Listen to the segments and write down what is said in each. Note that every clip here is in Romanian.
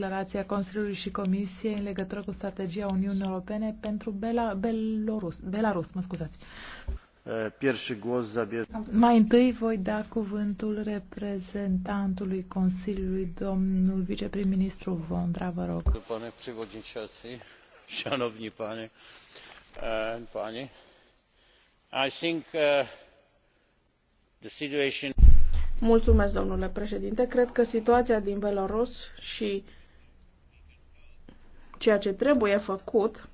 declarația Consiliului și Comisiei în legătură cu strategia Uniunii Europene pentru Bela, Belarus. Belarus mă scuzați. Mai întâi voi da cuvântul reprezentantului Consiliului, domnul viceprim-ministru Vondra, vă rog. Pane prevodničaci, șanovni pane, pane, I think the situation Mulțumesc, domnule președinte. Cred că situația din Belarus și ceea ce trebuie făcut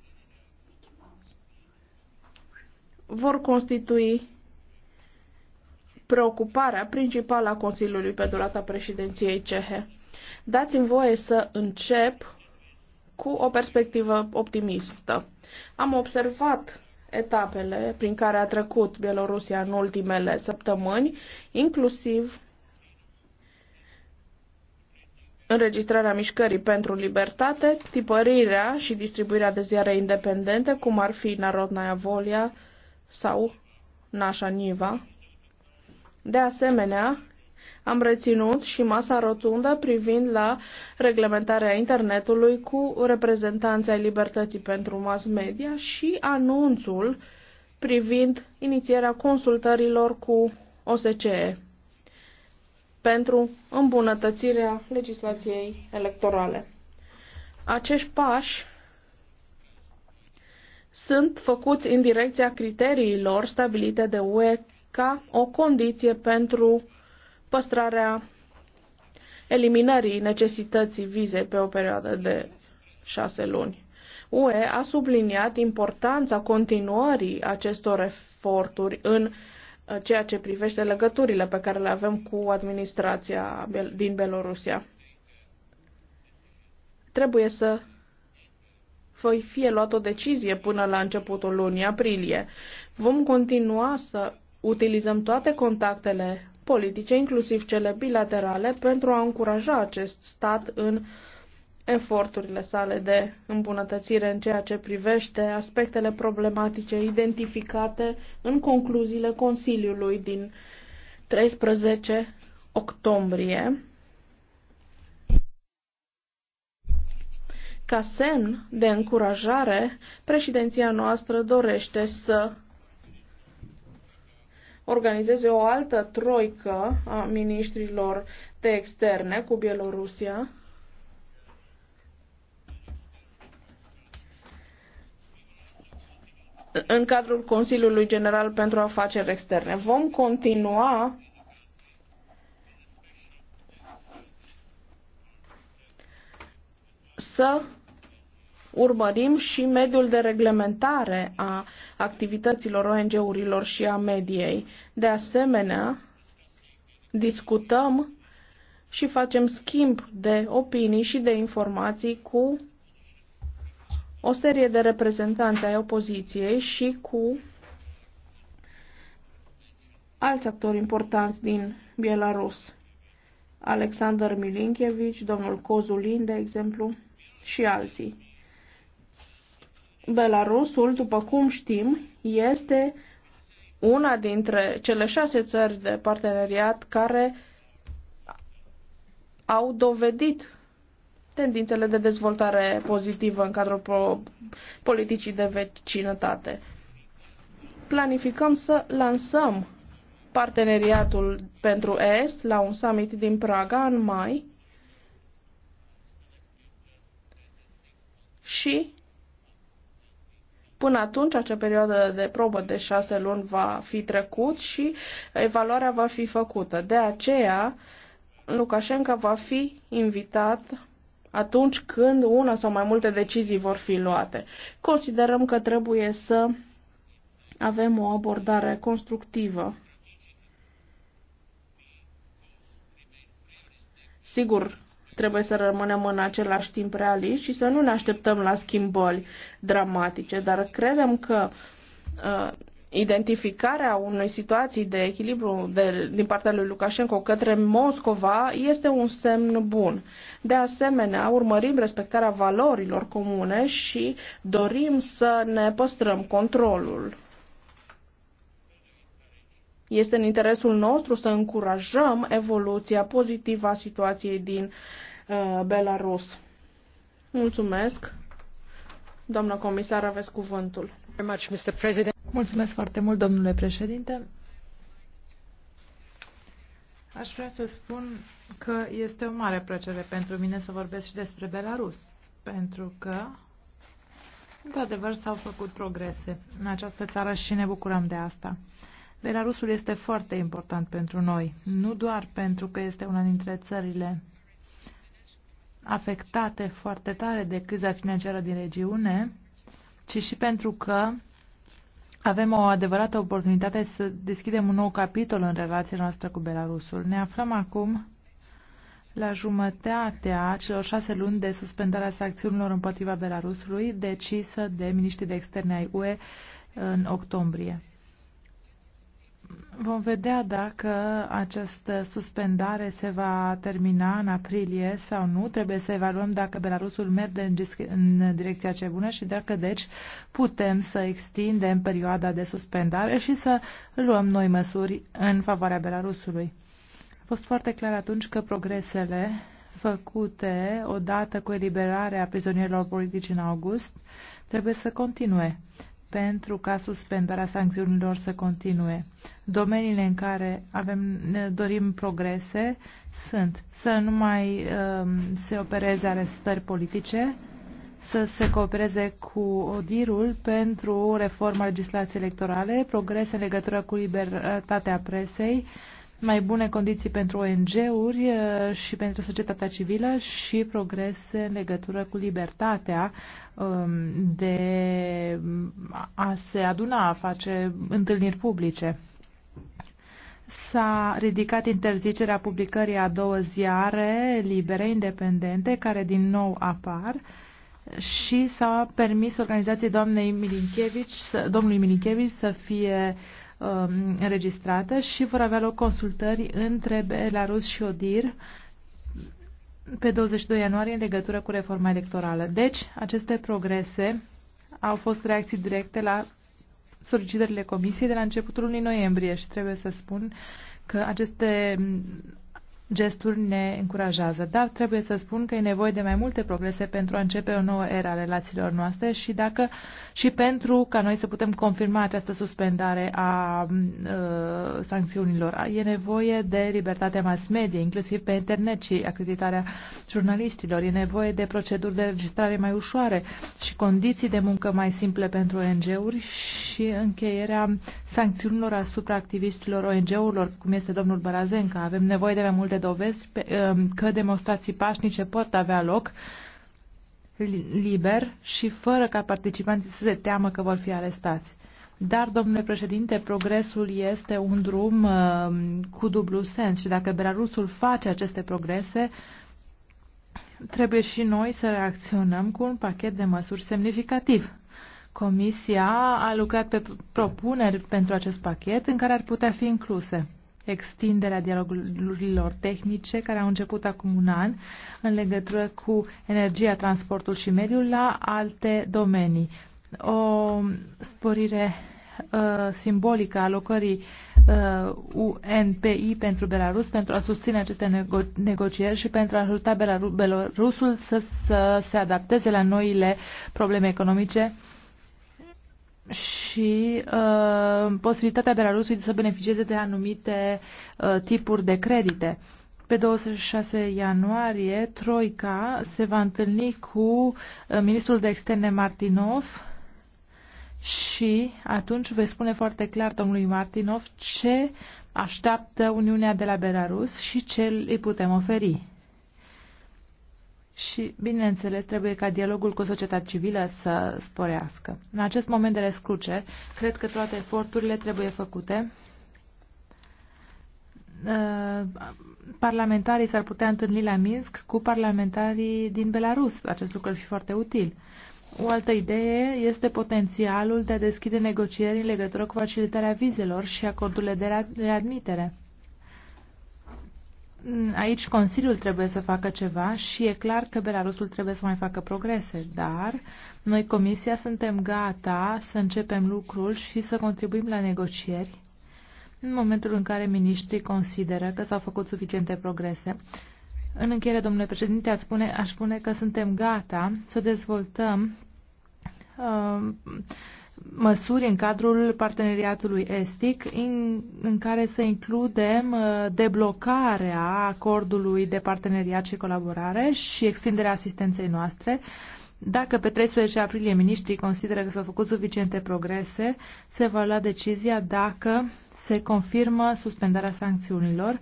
vor constitui preocuparea principală a Consiliului pe durata președinției cehe. Dați-mi voie să încep cu o perspectivă optimistă. Am observat etapele prin care a trecut Bielorusia în ultimele săptămâni, inclusiv înregistrarea mișcării pentru libertate, tipărirea și distribuirea de ziare independente, cum ar fi Narodnaia Volia sau Nașa Niva. De asemenea, am reținut și masa rotundă privind la reglementarea internetului cu reprezentanța ai libertății pentru mass media și anunțul privind inițierea consultărilor cu OSCE pentru îmbunătățirea legislației electorale. Acești pași sunt făcuți în direcția criteriilor stabilite de UE ca o condiție pentru păstrarea eliminării necesității vizei pe o perioadă de șase luni. UE a subliniat importanța continuării acestor eforturi în Uh, ceea ce privește legăturile pe care le avem cu administrația din Belorusia. Trebuie să voi fie luat o decizie până la începutul lunii aprilie. Vom continua să utilizăm toate contactele politice, inclusiv cele bilaterale, pentru a încuraja acest stat în eforturile sale de îmbunătățire în ceea ce privește aspectele problematice identificate în concluziile Consiliului din 13 octombrie. Ca semn de încurajare, președinția noastră dorește să organizeze o altă troică a ministrilor de externe cu Bielorusia în cadrul Consiliului General pentru Afaceri Externe. Vom continua să urmărim și mediul de reglementare a activităților ONG-urilor și a mediei. De asemenea, discutăm și facem schimb de opinii și de informații cu o serie de reprezentanți ai opoziției și cu alți actori importanți din Belarus. Alexander Milinkevich, domnul Cozulin, de exemplu, și alții. Belarusul, după cum știm, este una dintre cele șase țări de parteneriat care au dovedit tendințele de dezvoltare pozitivă în cadrul politicii de vecinătate. Planificăm să lansăm parteneriatul pentru Est la un summit din Praga în mai și Până atunci, acea perioadă de probă de șase luni va fi trecut și evaluarea va fi făcută. De aceea, Lukashenko va fi invitat atunci când una sau mai multe decizii vor fi luate. Considerăm că trebuie să avem o abordare constructivă. Sigur, trebuie să rămânem în același timp realiști și să nu ne așteptăm la schimbări dramatice, dar credem că uh, identificarea unei situații de echilibru de, din partea lui Lukashenko către Moscova este un semn bun. De asemenea, urmărim respectarea valorilor comune și dorim să ne păstrăm controlul. Este în interesul nostru să încurajăm evoluția pozitivă a situației din uh, Belarus. Mulțumesc. Doamna comisar, aveți cuvântul. Mr. President. Mulțumesc foarte mult, domnule președinte. Aș vrea să spun că este o mare plăcere pentru mine să vorbesc și despre Belarus, pentru că, într-adevăr, s-au făcut progrese în această țară și ne bucurăm de asta. Belarusul este foarte important pentru noi, nu doar pentru că este una dintre țările afectate foarte tare de criza financiară din regiune, ci și pentru că avem o adevărată oportunitate să deschidem un nou capitol în relația noastră cu Belarusul. Ne aflăm acum la jumătatea celor șase luni de suspendarea sancțiunilor împotriva Belarusului, decisă de miniștrii de externe ai UE în octombrie. Vom vedea dacă această suspendare se va termina în aprilie sau nu. Trebuie să evaluăm dacă Belarusul merge în direcția cea bună și dacă, deci, putem să extindem perioada de suspendare și să luăm noi măsuri în favoarea Belarusului. A fost foarte clar atunci că progresele făcute odată cu eliberarea prizonierilor politici în august trebuie să continue pentru ca suspendarea sancțiunilor să continue. Domeniile în care avem, ne dorim progrese sunt să nu mai um, se opereze arestări politice, să se coopereze cu Odirul pentru reforma legislației electorale, progrese în legătură cu libertatea presei, uh, mai bune condiții pentru ONG-uri uh, și pentru societatea civilă și progrese în legătură cu libertatea um, de a se aduna, a face întâlniri publice. S-a ridicat interzicerea publicării a două ziare libere, independente, care din nou apar și s-a permis organizației doamnei Milinchevici, domnului Milinchevici să fie uh, Um, înregistrată și vor avea loc consultări între Belarus și ODIR pe 22 ianuarie în legătură cu reforma electorală. Deci, aceste progrese au fost reacții directe la solicitările Comisiei de la începutul lunii noiembrie și trebuie să spun că aceste gestul ne încurajează, dar trebuie să spun că e nevoie de mai multe progrese pentru a începe o nouă era a relațiilor noastre și, dacă, și pentru ca noi să putem confirma această suspendare a uh, sancțiunilor. E nevoie de libertatea mass media, inclusiv pe internet și acreditarea jurnaliștilor. E nevoie de proceduri de registrare mai ușoare și condiții de muncă mai simple pentru ONG-uri și încheierea sancțiunilor asupra activiștilor ONG-urilor, cum este domnul Barazenca. Avem nevoie de mai multe multe dovezi um, că demonstrații pașnice pot avea loc liber și fără ca participanții să se teamă că vor fi arestați. Dar, domnule președinte, progresul este un drum uh, cu dublu sens și dacă Belarusul face aceste progrese, trebuie și noi să reacționăm cu un pachet de măsuri semnificativ. Comisia a lucrat pe propuneri pentru acest pachet în care ar putea fi incluse extinderea dialogurilor tehnice care au început acum un an în legătură cu energia, transportul și mediul la alte domenii. O sporire uh, simbolică a locării uh, UNPI pentru Belarus pentru a susține aceste nego negocieri și pentru a ajuta Belarusul să, să se adapteze la noile probleme economice uh, și uh, posibilitatea Belarusului să beneficieze de anumite uh, tipuri de credite. Pe 26 ianuarie, Troica se va întâlni cu uh, ministrul de externe Martinov și atunci vei spune foarte clar domnului Martinov ce așteaptă Uniunea de la Belarus și ce îi putem oferi și, bineînțeles, trebuie ca dialogul cu societatea civilă să sporească. În acest moment de rescruce, cred că toate eforturile trebuie făcute. Uh, parlamentarii s-ar putea întâlni la Minsk cu parlamentarii din Belarus. Acest lucru ar fi foarte util. O altă idee este potențialul de a deschide negocieri în legătură cu facilitarea vizelor și acordurile de readmitere aici Consiliul trebuie să facă ceva și e clar că Belarusul trebuie să mai facă progrese, dar noi, Comisia, suntem gata să începem lucrul și să contribuim la negocieri în momentul în care ministrii consideră că s-au făcut suficiente progrese. În încheiere, domnule președinte, aș spune, aș spune că suntem gata să dezvoltăm uh, măsuri în cadrul parteneriatului estic in, în care să includem uh, deblocarea acordului de parteneriat și colaborare și extinderea asistenței noastre. Dacă pe 13 aprilie miniștrii consideră că s-au făcut suficiente progrese, se va lua decizia dacă se confirmă suspendarea sancțiunilor.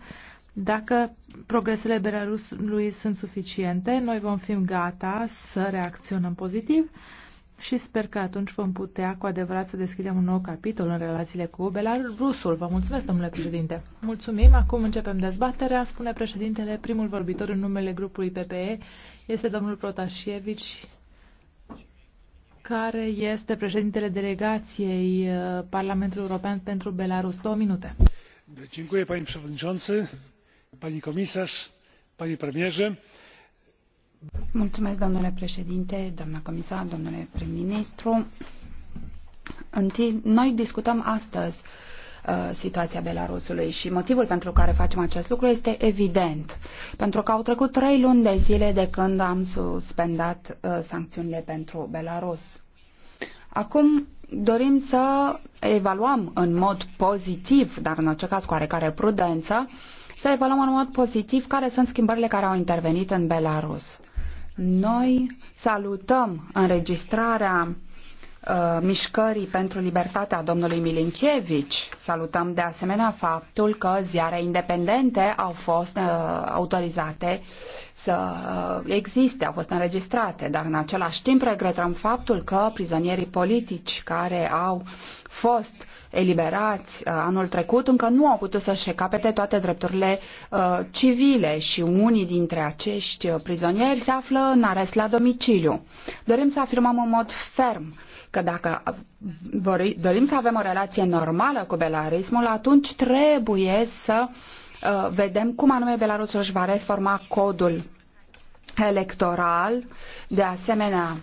Dacă progresele Belarusului sunt suficiente, noi vom fi gata să reacționăm pozitiv și sper că atunci vom putea cu adevărat să deschidem un nou capitol în relațiile cu Belarusul. Vă mulțumesc, domnule președinte. Mulțumim. Acum începem dezbaterea. Spune președintele, primul vorbitor în numele grupului PPE este domnul Protasievici, care este președintele delegației uh, Parlamentului European pentru Belarus. Două minute. Dziękuję, panie przewodniczący, pani komisarz, panie premierze. Mulțumesc, domnule președinte, doamna comisar, domnule prim-ministru. Noi discutăm astăzi uh, situația Belarusului și motivul pentru care facem acest lucru este evident. Pentru că au trecut trei luni de zile de când am suspendat uh, sancțiunile pentru Belarus. Acum dorim să evaluăm în mod pozitiv, dar în orice caz cu oarecare prudență, să evaluăm în mod pozitiv care sunt schimbările care au intervenit în Belarus. Uh, noi salutăm înregistrarea uh, mișcării pentru libertatea domnului Milinchevici. Salutăm de asemenea faptul că ziare independente au fost uh, autorizate să uh, existe, au fost înregistrate, dar în același timp regretăm faptul că prizonierii politici care au fost eliberați uh, anul trecut încă nu au putut să-și capete toate drepturile uh, civile și unii dintre acești uh, prizonieri se află în arest la domiciliu. Dorim să afirmăm în mod ferm că dacă dorim să avem o relație normală cu belarismul, atunci trebuie să vedem cum anume Belarusul își va reforma codul electoral. De asemenea,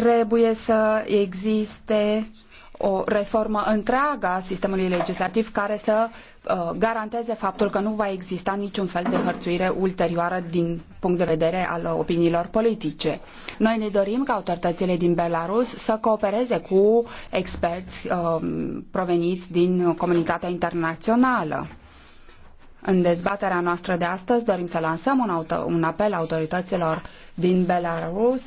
Trebuie să existe o reformă întreagă a sistemului legislativ care să uh, garanteze faptul că nu va exista niciun fel de hărțuire ulterioară din punct de vedere al opiniilor politice. Noi ne dorim ca autoritățile din Belarus să coopereze cu experți uh, proveniți din comunitatea internațională. În dezbaterea noastră de astăzi dorim să lansăm un, auto, un apel autorităților din Belarus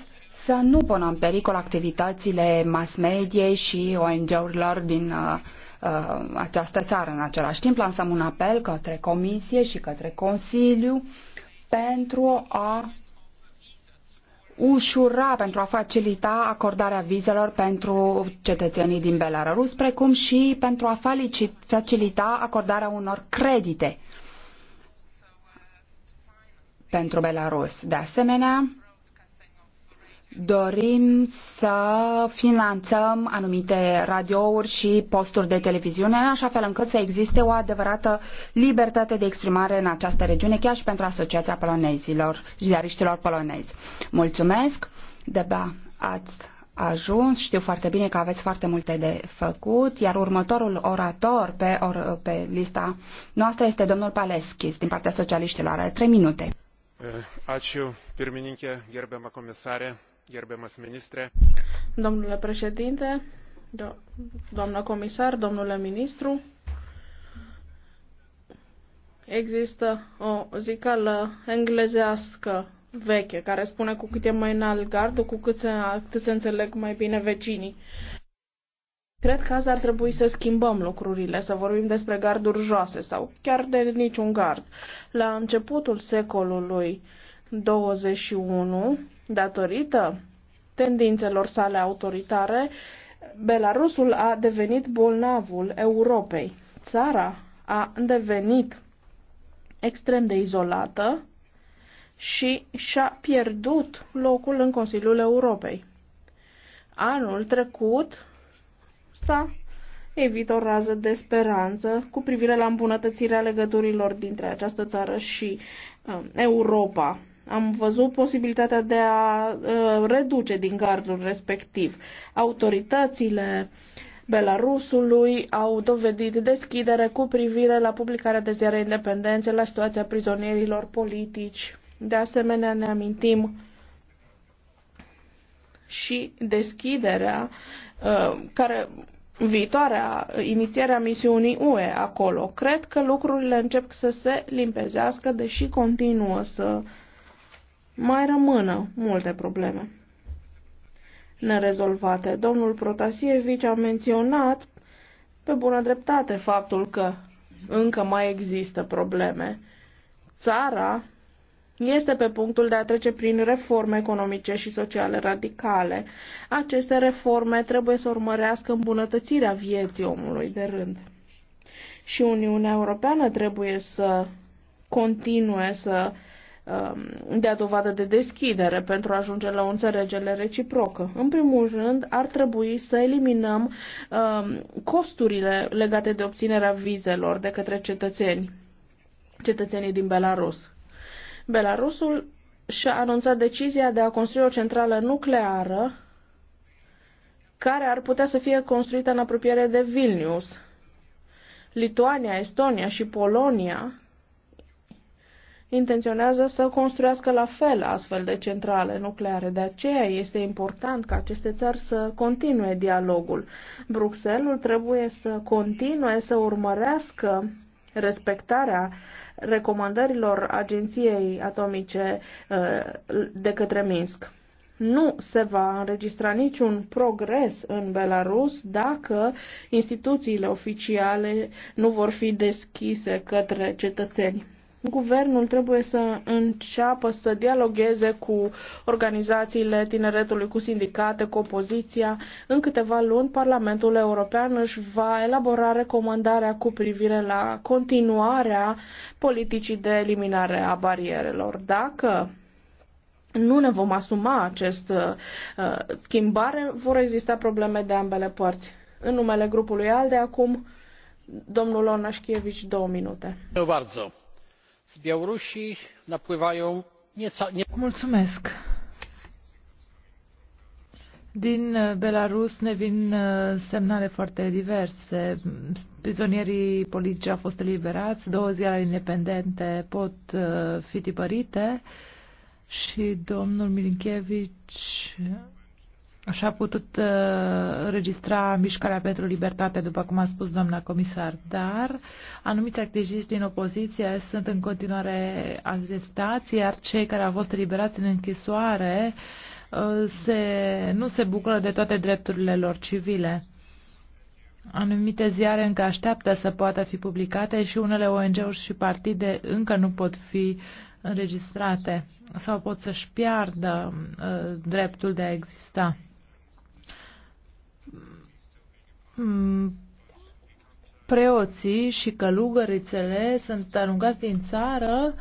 să nu pună în pericol activitățile mass media și ONG-urilor din uh, uh, această țară. În același timp lansăm un apel către Comisie și către Consiliu pentru a ușura, pentru a facilita acordarea vizelor pentru cetățenii din Belarus, precum și pentru a facilita acordarea unor credite pentru Belarus. De asemenea, dorim să finanțăm anumite radiouri și posturi de televiziune, în așa fel încât să existe o adevărată libertate de exprimare în această regiune, chiar și pentru Asociația Polonezilor, ziariștilor polonezi. Mulțumesc! Deba, ați ajuns, știu foarte bine că aveți foarte multe de făcut, iar următorul orator pe, or, pe lista noastră este domnul Paleschis, din partea socialiștilor. Are trei minute. Ačiū, pirmininkė, gerbiama komisarė gerbiamas Domnule președinte, do comisar, domnule ministru, există o zicală englezească veche care spune cu cât e mai înalt gardul, cu cât se, cât se înțeleg mai bine vecinii. Cred că azi ar trebui să schimbăm lucrurile, să vorbim despre garduri joase sau chiar de niciun gard. La începutul secolului 21, datorită tendințelor sale autoritare, Belarusul a devenit bolnavul Europei. Țara a devenit extrem de izolată și și-a pierdut locul în Consiliul Europei. Anul trecut s-a evit o rază de speranță cu privire la îmbunătățirea legăturilor dintre această țară și uh, Europa. Am văzut posibilitatea de a uh, reduce din gardul respectiv. Autoritățile Belarusului au dovedit deschidere cu privire la publicarea de ziare independențe, la situația prizonierilor politici. De asemenea, ne amintim și deschiderea uh, care viitoarea inițierea misiunii UE acolo. Cred că lucrurile încep să se limpezească, deși continuă să mai rămână multe probleme nerezolvate. Domnul Protasievici a menționat pe bună dreptate faptul că încă mai există probleme. Țara este pe punctul de a trece prin reforme economice și sociale radicale. Aceste reforme trebuie să urmărească îmbunătățirea vieții omului de rând. Și Uniunea Europeană trebuie să continue să Um, dea dovadă de deschidere pentru a ajunge la o înțelegere reciprocă. În primul rând, ar trebui să eliminăm um, costurile legate de obținerea vizelor de către cetățeni, cetățenii din Belarus. Belarusul și-a anunțat decizia de a construi o centrală nucleară care ar putea să fie construită în apropiere de Vilnius. Lituania, Estonia și Polonia intenționează să construiască la fel astfel de centrale nucleare. De aceea este important ca aceste țări să continue dialogul. Bruxelles trebuie să continue să urmărească respectarea recomandărilor Agenției Atomice eh, de către Minsk. Nu se va înregistra niciun progres în Belarus dacă instituțiile oficiale nu vor fi deschise către cetățeni. Guvernul trebuie să înceapă să dialogueze cu organizațiile tineretului, cu sindicate, cu opoziția. În câteva luni, Parlamentul European își va elabora recomandarea cu privire la continuarea politicii de eliminare a barierelor. Dacă nu ne vom asuma acest uh, schimbare, vor exista probleme de ambele părți. În numele grupului ALDE, acum, domnul Onașchievici, două minute. Eu z białorusi napływają Mulțumesc. Din Belarus ne vin semnale foarte diverse. Prizonierii politici au fost eliberați, două ziare independente pot fi tipărite și domnul Milinkevici Așa a putut uh, registra mișcarea pentru libertate, după cum a spus doamna comisar, dar anumiți activiști din opoziție sunt în continuare arestați, iar cei care au fost eliberați în închisoare uh, se, nu se bucură de toate drepturile lor civile. Anumite ziare încă așteaptă să poată fi publicate și unele ONG-uri și partide încă nu pot fi înregistrate sau pot să-și piardă uh, dreptul de a exista. Mm, preoții și călugărițele sunt aruncați din țară,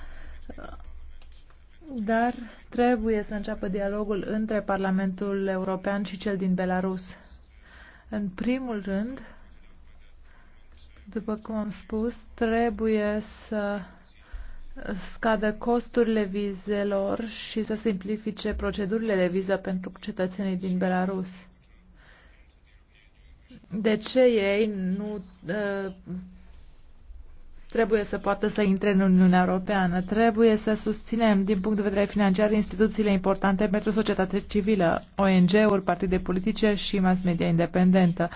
dar trebuie să înceapă dialogul între Parlamentul European și cel din Belarus. În primul rând, după cum am spus, trebuie să scadă costurile vizelor și să simplifice procedurile de viză pentru cetățenii din Belarus de ce ei nu ă, trebuie să poată să intre în Uniunea Europeană. Trebuie să susținem, din punct de vedere financiar, instituțiile importante pentru societatea civilă, ONG-uri, partide politice și mass media independentă.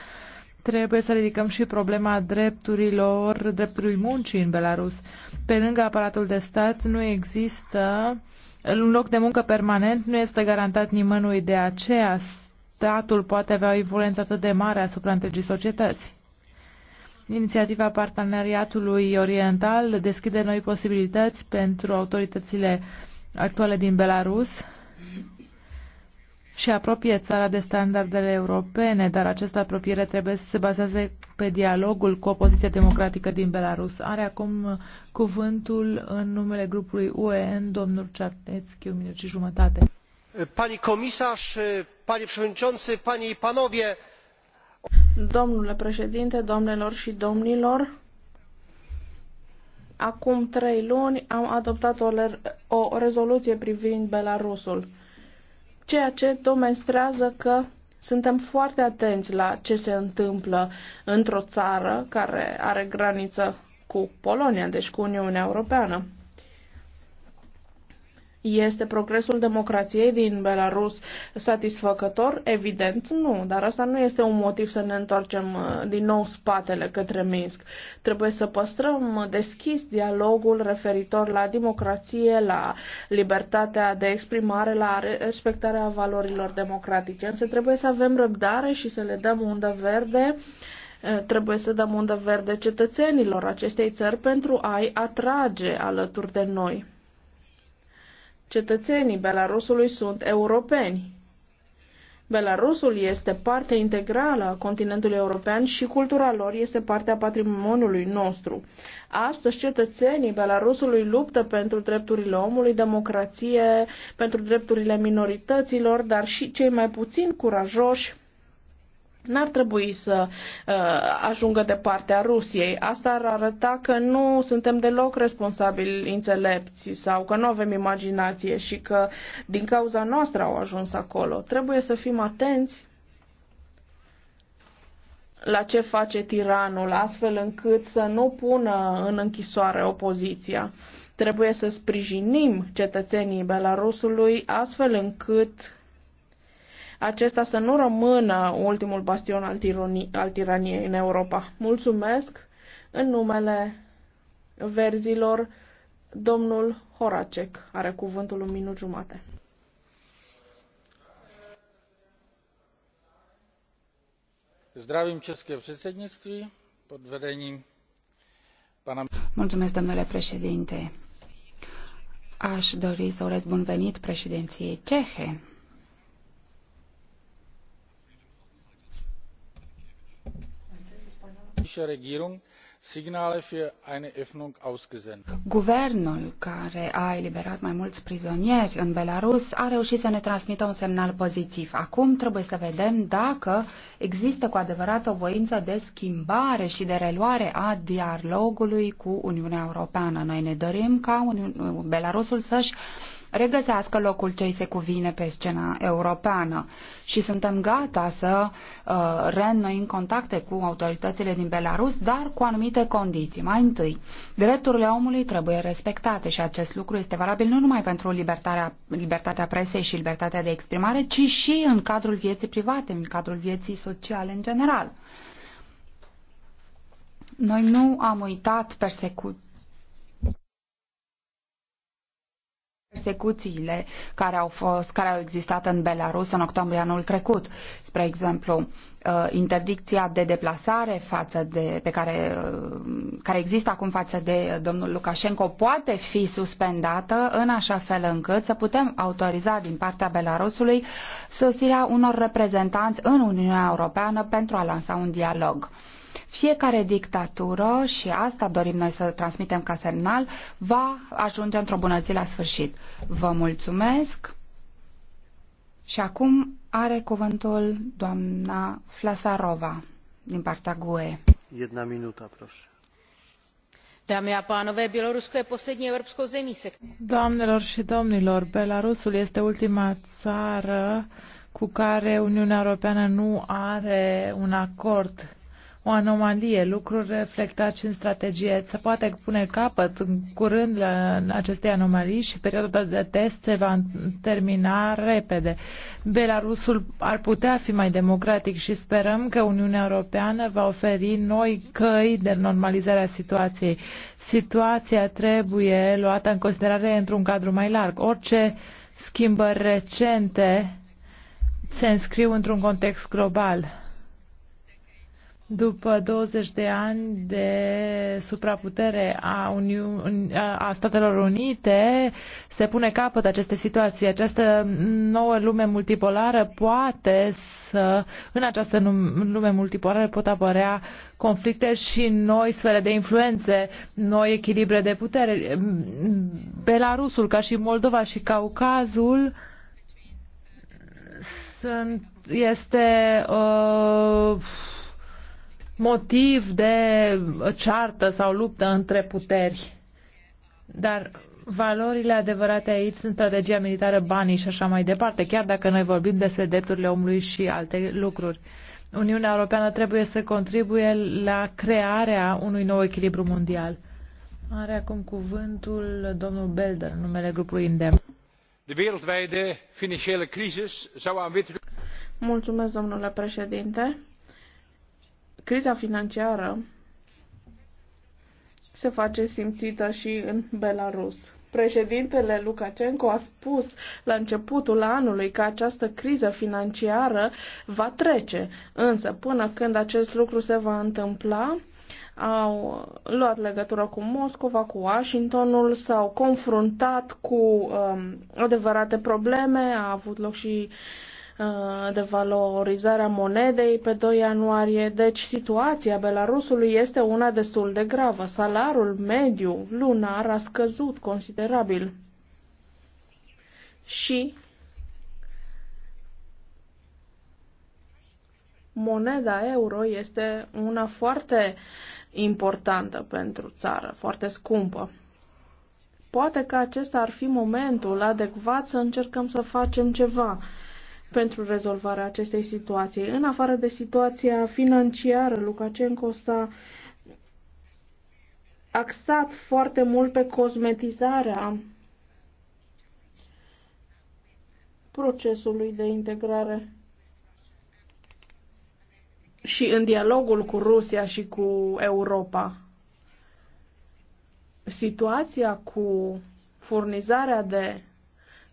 Trebuie să ridicăm și problema drepturilor, dreptului muncii în Belarus. Pe lângă aparatul de stat nu există un loc de muncă permanent, nu este garantat nimănui de aceea statul poate avea o influență atât de mare asupra întregii societăți. Inițiativa Parteneriatului Oriental deschide noi posibilități pentru autoritățile actuale din Belarus și apropie țara de standardele europene, dar această apropiere trebuie să se bazeze pe dialogul cu opoziția democratică din Belarus. Are acum cuvântul în numele grupului UN, domnul Cernețchi, un minut și jumătate. Pani comisar, panie przewodniczący panie i panowie! domnule președinte doamnelor și domnilor acum trei luni am adoptat o, o rezoluție privind belarusul ceea ce demonstrează că suntem foarte atenți la ce se întâmplă într-o țară care are graniță cu Polonia, deci cu Uniunea Europeană. Este progresul democrației din Belarus satisfăcător? Evident, nu, dar asta nu este un motiv să ne întoarcem uh, din nou spatele către Minsk. Trebuie să păstrăm deschis dialogul referitor la democrație, la libertatea de exprimare, la respectarea valorilor democratice. Însă trebuie să avem răbdare și să le dăm undă verde uh, trebuie să dăm undă verde cetățenilor acestei țări pentru a-i atrage alături de noi. Cetățenii Belarusului sunt europeni. Belarusul este parte integrală a continentului european și cultura lor este parte a patrimoniului nostru. Astăzi, cetățenii Belarusului luptă pentru drepturile omului, democrație, pentru drepturile minorităților, dar și cei mai puțin curajoși n-ar trebui să uh, ajungă de partea Rusiei. Asta ar arăta că nu suntem deloc responsabili înțelepți sau că nu avem imaginație și că din cauza noastră au ajuns acolo. Trebuie să fim atenți la ce face tiranul, astfel încât să nu pună în închisoare opoziția. Trebuie să sprijinim cetățenii Belarusului astfel încât acesta să nu rămână ultimul bastion al, tironi, al tiraniei în Europa. Mulțumesc în numele verzilor. Domnul Horacek are cuvântul un minut jumate. Zdravim české předsednictví pod vedením pana... Mulțumesc, domnule președinte. Aș dori să urez bun venit președinției cehe Guvernul care a eliberat mai mulți prizonieri în Belarus a reușit să ne transmită un semnal pozitiv. Acum trebuie să vedem dacă există cu adevărat o voință de schimbare și de reluare a dialogului cu Uniunea Europeană. Noi ne dorim ca Belarusul să-și regăsească locul ce îi se cuvine pe scena europeană și suntem gata să uh, reînnoim contacte cu autoritățile din Belarus, dar cu anumite condiții. Mai întâi, drepturile omului trebuie respectate și acest lucru este valabil nu numai pentru libertarea, libertatea presei și libertatea de exprimare, ci și în cadrul vieții private, în cadrul vieții sociale în general. Noi nu am uitat persecuții. persecuțiile care au, fost, care au existat în Belarus în octombrie anul trecut. Spre exemplu, uh, interdicția de deplasare față de, pe care, uh, care există acum față de domnul Lukashenko poate fi suspendată în așa fel încât să putem autoriza din partea Belarusului sosirea unor reprezentanți în Uniunea Europeană pentru a lansa un dialog. Fiecare dictatură, și asta dorim noi să transmitem ca semnal, va ajunge într-o bună zi la sfârșit. Vă mulțumesc și acum are cuvântul doamna Flasarova din partea GUE. Jedna minuta, proșu. dámy a pánové bělorusko je poslední Doamnelor și domnilor, Belarusul este ultima țară cu care Uniunea Europeană nu are un acord o anomalie, lucruri reflectați în strategie. Se poate pune capăt în curând la acestei anomalii și perioada de test se va termina repede. Belarusul ar putea fi mai democratic și sperăm că Uniunea Europeană va oferi noi căi de normalizare a situației. Situația trebuie luată în considerare într-un cadru mai larg. Orice schimbări recente se înscriu într-un context global după 20 de ani de supraputere a, a Statelor Unite, se pune capăt aceste situații. Această nouă lume multipolară poate să, în această lume multipolară pot apărea conflicte și noi sfere de influențe, noi echilibre de putere. Belarusul, ca și Moldova și Caucazul, sunt, este uh, motiv de ceartă sau luptă între puteri. Dar valorile adevărate aici sunt strategia militară, banii și așa mai departe, chiar dacă noi vorbim despre drepturile omului și alte lucruri. Uniunea Europeană trebuie să contribuie la crearea unui nou echilibru mondial. Are acum cuvântul domnul Belder, numele grupului Indem. De wereldwijde financiële crisis zou aan wit... Mulțumesc, domnule președinte criza financiară se face simțită și în Belarus. Președintele Lukashenko a spus la începutul anului că această criză financiară va trece, însă până când acest lucru se va întâmpla, au luat legătură cu Moscova, cu Washingtonul, s-au confruntat cu um, adevărate probleme, a avut loc și uh, Uh, de valorizare a monedei pe 2 ianuarie. Deci situația Belarusului este una destul de gravă. Salarul mediu lunar a scăzut considerabil. Și moneda euro este una foarte importantă pentru țară, foarte scumpă. Poate că acesta ar fi momentul adecvat să încercăm să facem ceva pentru rezolvarea acestei situații. În afară de situația financiară, Lukashenko s-a axat foarte mult pe cosmetizarea procesului de integrare. Și în dialogul cu Rusia și cu Europa. Situația cu furnizarea de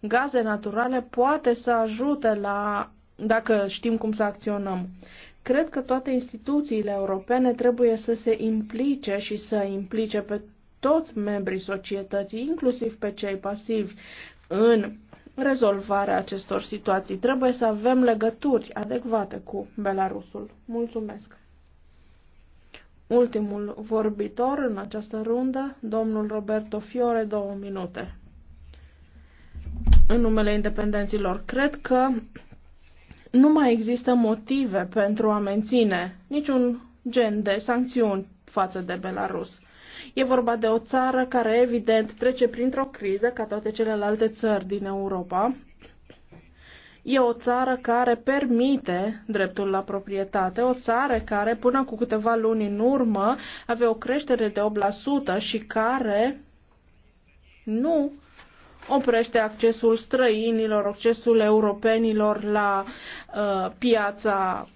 gaze naturale poate să ajute la dacă știm cum să acționăm. Cred că toate instituțiile europene trebuie să se implice și să implice pe toți membrii societății, inclusiv pe cei pasivi, în rezolvarea acestor situații. Trebuie să avem legături adecvate cu Belarusul. Mulțumesc! Ultimul vorbitor în această rundă, domnul Roberto Fiore, două minute în numele independenților. Cred că nu mai există motive pentru a menține niciun gen de sancțiuni față de Belarus. E vorba de o țară care, evident, trece printr-o criză, ca toate celelalte țări din Europa. E o țară care permite dreptul la proprietate, o țară care până cu câteva luni în urmă avea o creștere de 8% și care nu oprește accesul străinilor, accesul europenilor la uh, piața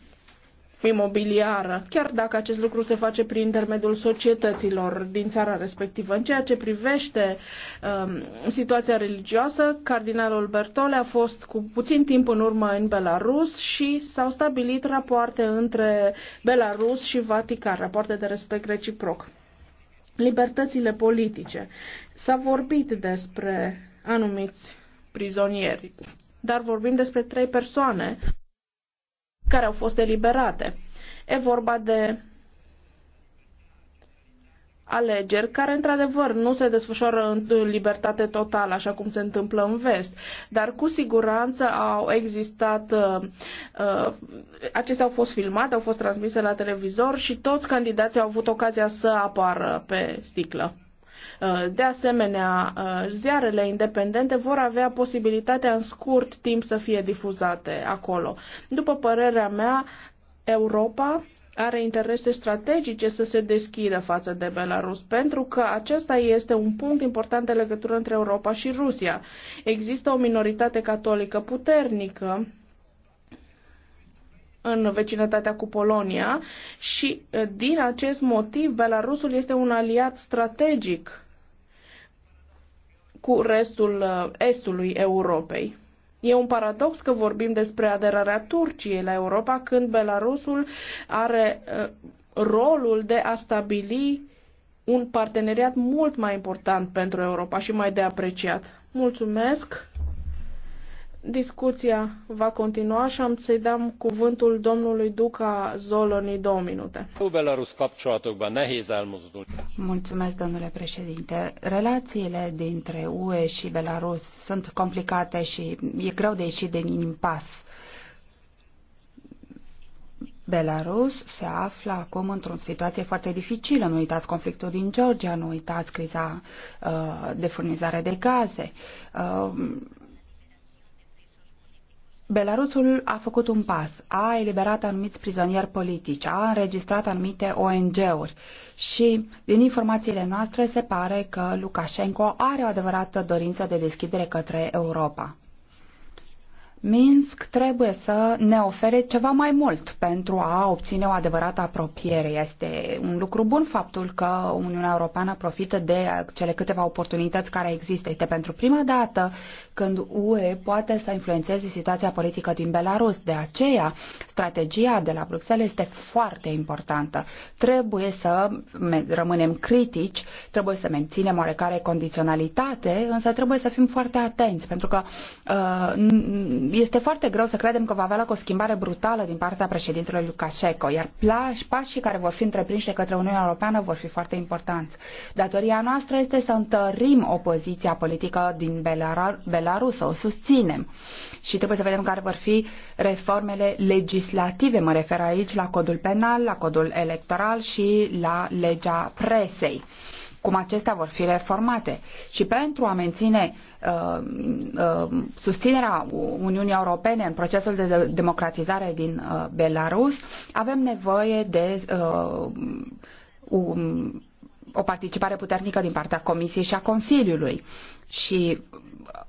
imobiliară, chiar dacă acest lucru se face prin intermediul societăților din țara respectivă. În ceea ce privește um, situația religioasă, cardinalul Bertole a fost cu puțin timp în urmă în Belarus și s-au stabilit rapoarte între Belarus și Vatican, rapoarte de respect reciproc. Libertățile politice. S-a vorbit despre anumiți prizonieri. Dar vorbim despre trei persoane care au fost eliberate. E vorba de alegeri care, într-adevăr, nu se desfășoară în libertate totală, așa cum se întâmplă în vest, dar cu siguranță au existat, uh, uh acestea au fost filmate, au fost transmise la televizor și toți candidații au avut ocazia să apară pe sticlă. Uh, de asemenea, uh, ziarele independente vor avea posibilitatea în scurt timp să fie difuzate acolo. După părerea mea, Europa are interese strategice să se deschidă față de Belarus, pentru că acesta este un punct important de legătură între Europa și Rusia. Există o minoritate catolică puternică în vecinătatea cu Polonia și uh, din acest motiv Belarusul este un aliat strategic cu restul uh, estului Europei. E un paradox că vorbim despre aderarea Turciei la Europa când Belarusul are uh, rolul de a stabili un parteneriat mult mai important pentru Europa și mai de apreciat. Mulțumesc! Discuția va continua și am să-i dăm cuvântul domnului Duca Zoloni două minute. Mulțumesc, domnule președinte. Relațiile dintre UE și Belarus sunt complicate și e greu de ieșit din impas. Belarus se află acum într-o situație foarte dificilă. Nu uitați conflictul din Georgia, nu uitați criza uh, de furnizare de gaze. Uh, Belarusul a făcut un pas, a eliberat anumiți prizonieri politici, a înregistrat anumite ONG-uri și, din informațiile noastre, se pare că Lukashenko are o adevărată dorință de deschidere către Europa. Minsk trebuie să ne ofere ceva mai mult pentru a obține o adevărată apropiere. Este un lucru bun faptul că Uniunea Europeană profită de cele câteva oportunități care există. Este pentru prima dată când UE poate să influențeze situația politică din Belarus. De aceea, strategia de la Bruxelles este foarte importantă. Trebuie să rămânem critici, trebuie să menținem oarecare condiționalitate, însă trebuie să fim foarte atenți, pentru că uh, este foarte greu să credem că va avea loc o schimbare brutală din partea președintelui Lukashenko, iar pașii care vor fi întreprinși de către Uniunea Europeană vor fi foarte importanți. Datoria noastră este să întărim opoziția politică din Belarus, să o susținem. Și trebuie să vedem care vor fi reformele legislative. Mă refer aici la codul penal, la codul electoral și la legea presei cum acestea vor fi reformate. Și pentru a menține uh, uh, susținerea Uniunii Europene în procesul de democratizare din uh, Belarus, avem nevoie de uh, um, o participare puternică din partea Comisiei și a Consiliului. Și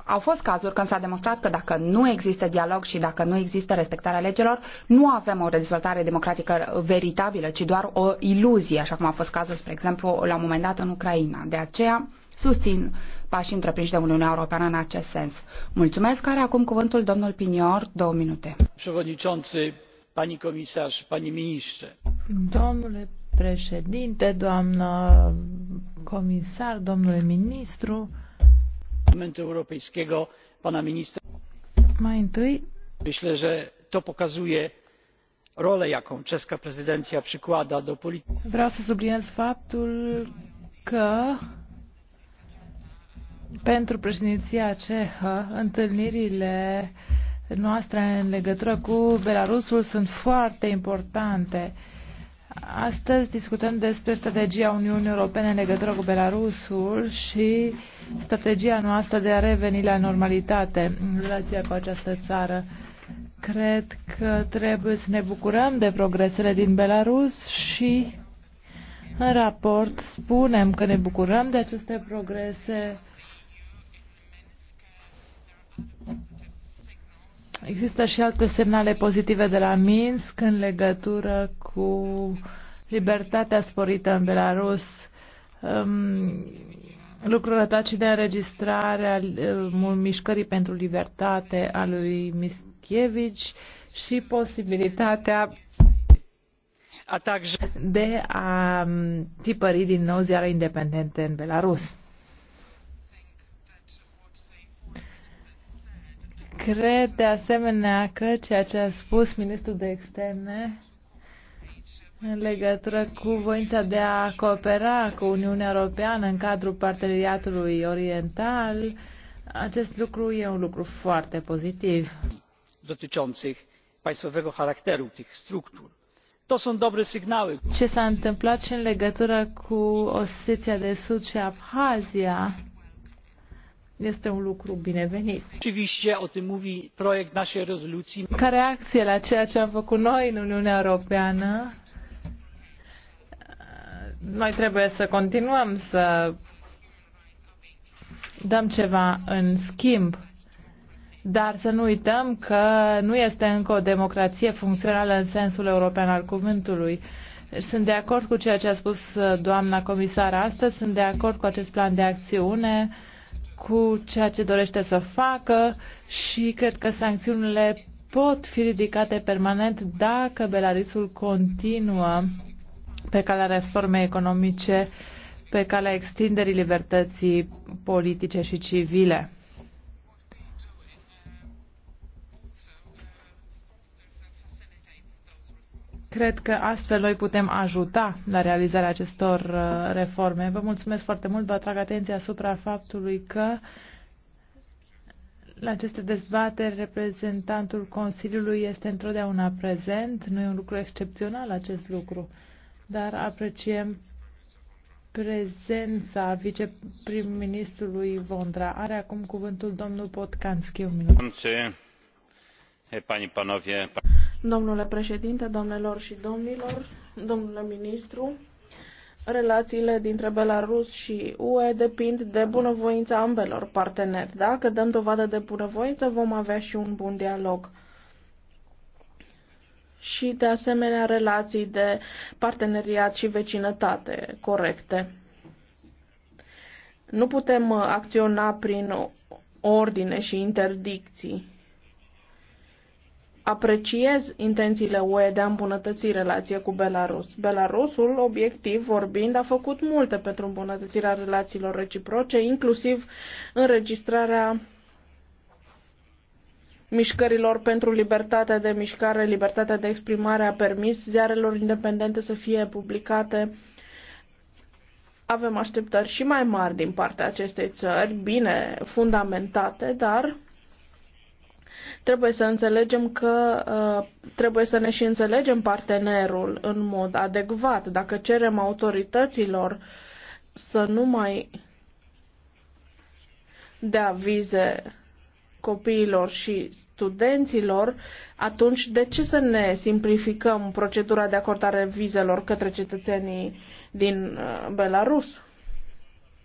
au fost cazuri când s-a demonstrat că dacă nu există dialog și dacă nu există respectarea legilor, nu avem o dezvoltare democratică veritabilă, ci doar o iluzie, așa cum a fost cazul, spre exemplu, la un moment dat în Ucraina. De aceea susțin pașii întreprinși de Uniunea Europeană în acest sens. Mulțumesc, are acum cuvântul domnul Pinior, două minute. Pani comisar, pani ministre. Domnule președinte, doamnă comisar, domnule ministru, parlamentu europejskiego pana ministra myślę że to pokazuje rolę jaką czeska prezydencja przykłada do polityki. că pentru președinția cehă întâlnirile noastre în legătură cu Belarusul sunt foarte importante. Astăzi discutăm despre strategia Uniunii Europene în legătură cu Belarusul și strategia noastră de a reveni la normalitate în relația cu această țară. Cred că trebuie să ne bucurăm de progresele din Belarus și în raport spunem că ne bucurăm de aceste progrese Există și alte semnale pozitive de la Minsk în legătură cu libertatea sporită în Belarus, um, lucrul ratat și de înregistrare al uh, mișcării pentru libertate a lui Mischievici și posibilitatea de a um, tipări din nou ziare independente în Belarus. Cred de asemenea că ceea ce a spus ministrul de externe în legătură cu voința de a coopera cu Uniunea Europeană în cadrul parteneriatului oriental, acest lucru e un lucru foarte pozitiv. dobre Ce s-a întâmplat și în legătură cu Osetia de Sud și Abhazia? este un lucru binevenit. Ca reacție la ceea ce am făcut noi în Uniunea Europeană, noi trebuie să continuăm să dăm ceva în schimb, dar să nu uităm că nu este încă o democrație funcțională în sensul european al cuvântului. Sunt de acord cu ceea ce a spus doamna comisar astăzi, sunt de acord cu acest plan de acțiune cu ceea ce dorește să facă și cred că sancțiunile pot fi ridicate permanent dacă Belarusul continuă pe calea reformei economice, pe calea extinderii libertății politice și civile. Cred că astfel noi putem ajuta la realizarea acestor uh, reforme. Vă mulțumesc foarte mult, vă atrag atenția asupra faptului că la aceste dezbateri reprezentantul Consiliului este întotdeauna prezent. Nu e un lucru excepțional acest lucru, dar apreciem prezența viceprim-ministrului Vondra. Are acum cuvântul domnul Potcanski. Un minut. Pani, panowie, pan Domnule președinte, domnilor și domnilor, domnule ministru, relațiile dintre Belarus și UE depind de bunăvoința ambelor parteneri. Dacă dăm dovadă de bunăvoință, vom avea și un bun dialog și, de asemenea, relații de parteneriat și vecinătate corecte. Nu putem acționa prin ordine și interdicții apreciez intențiile UE de a îmbunătăți relația cu Belarus. Belarusul, obiectiv vorbind, a făcut multe pentru îmbunătățirea relațiilor reciproce, inclusiv înregistrarea mișcărilor pentru libertatea de mișcare, libertatea de exprimare a permis ziarelor independente să fie publicate. Avem așteptări și mai mari din partea acestei țări, bine fundamentate, dar Trebuie să înțelegem că uh, trebuie să ne și înțelegem partenerul în mod adecvat. Dacă cerem autorităților să nu mai dea vize copiilor și studenților, atunci de ce să ne simplificăm procedura de acordare vizelor către cetățenii din uh, Belarus?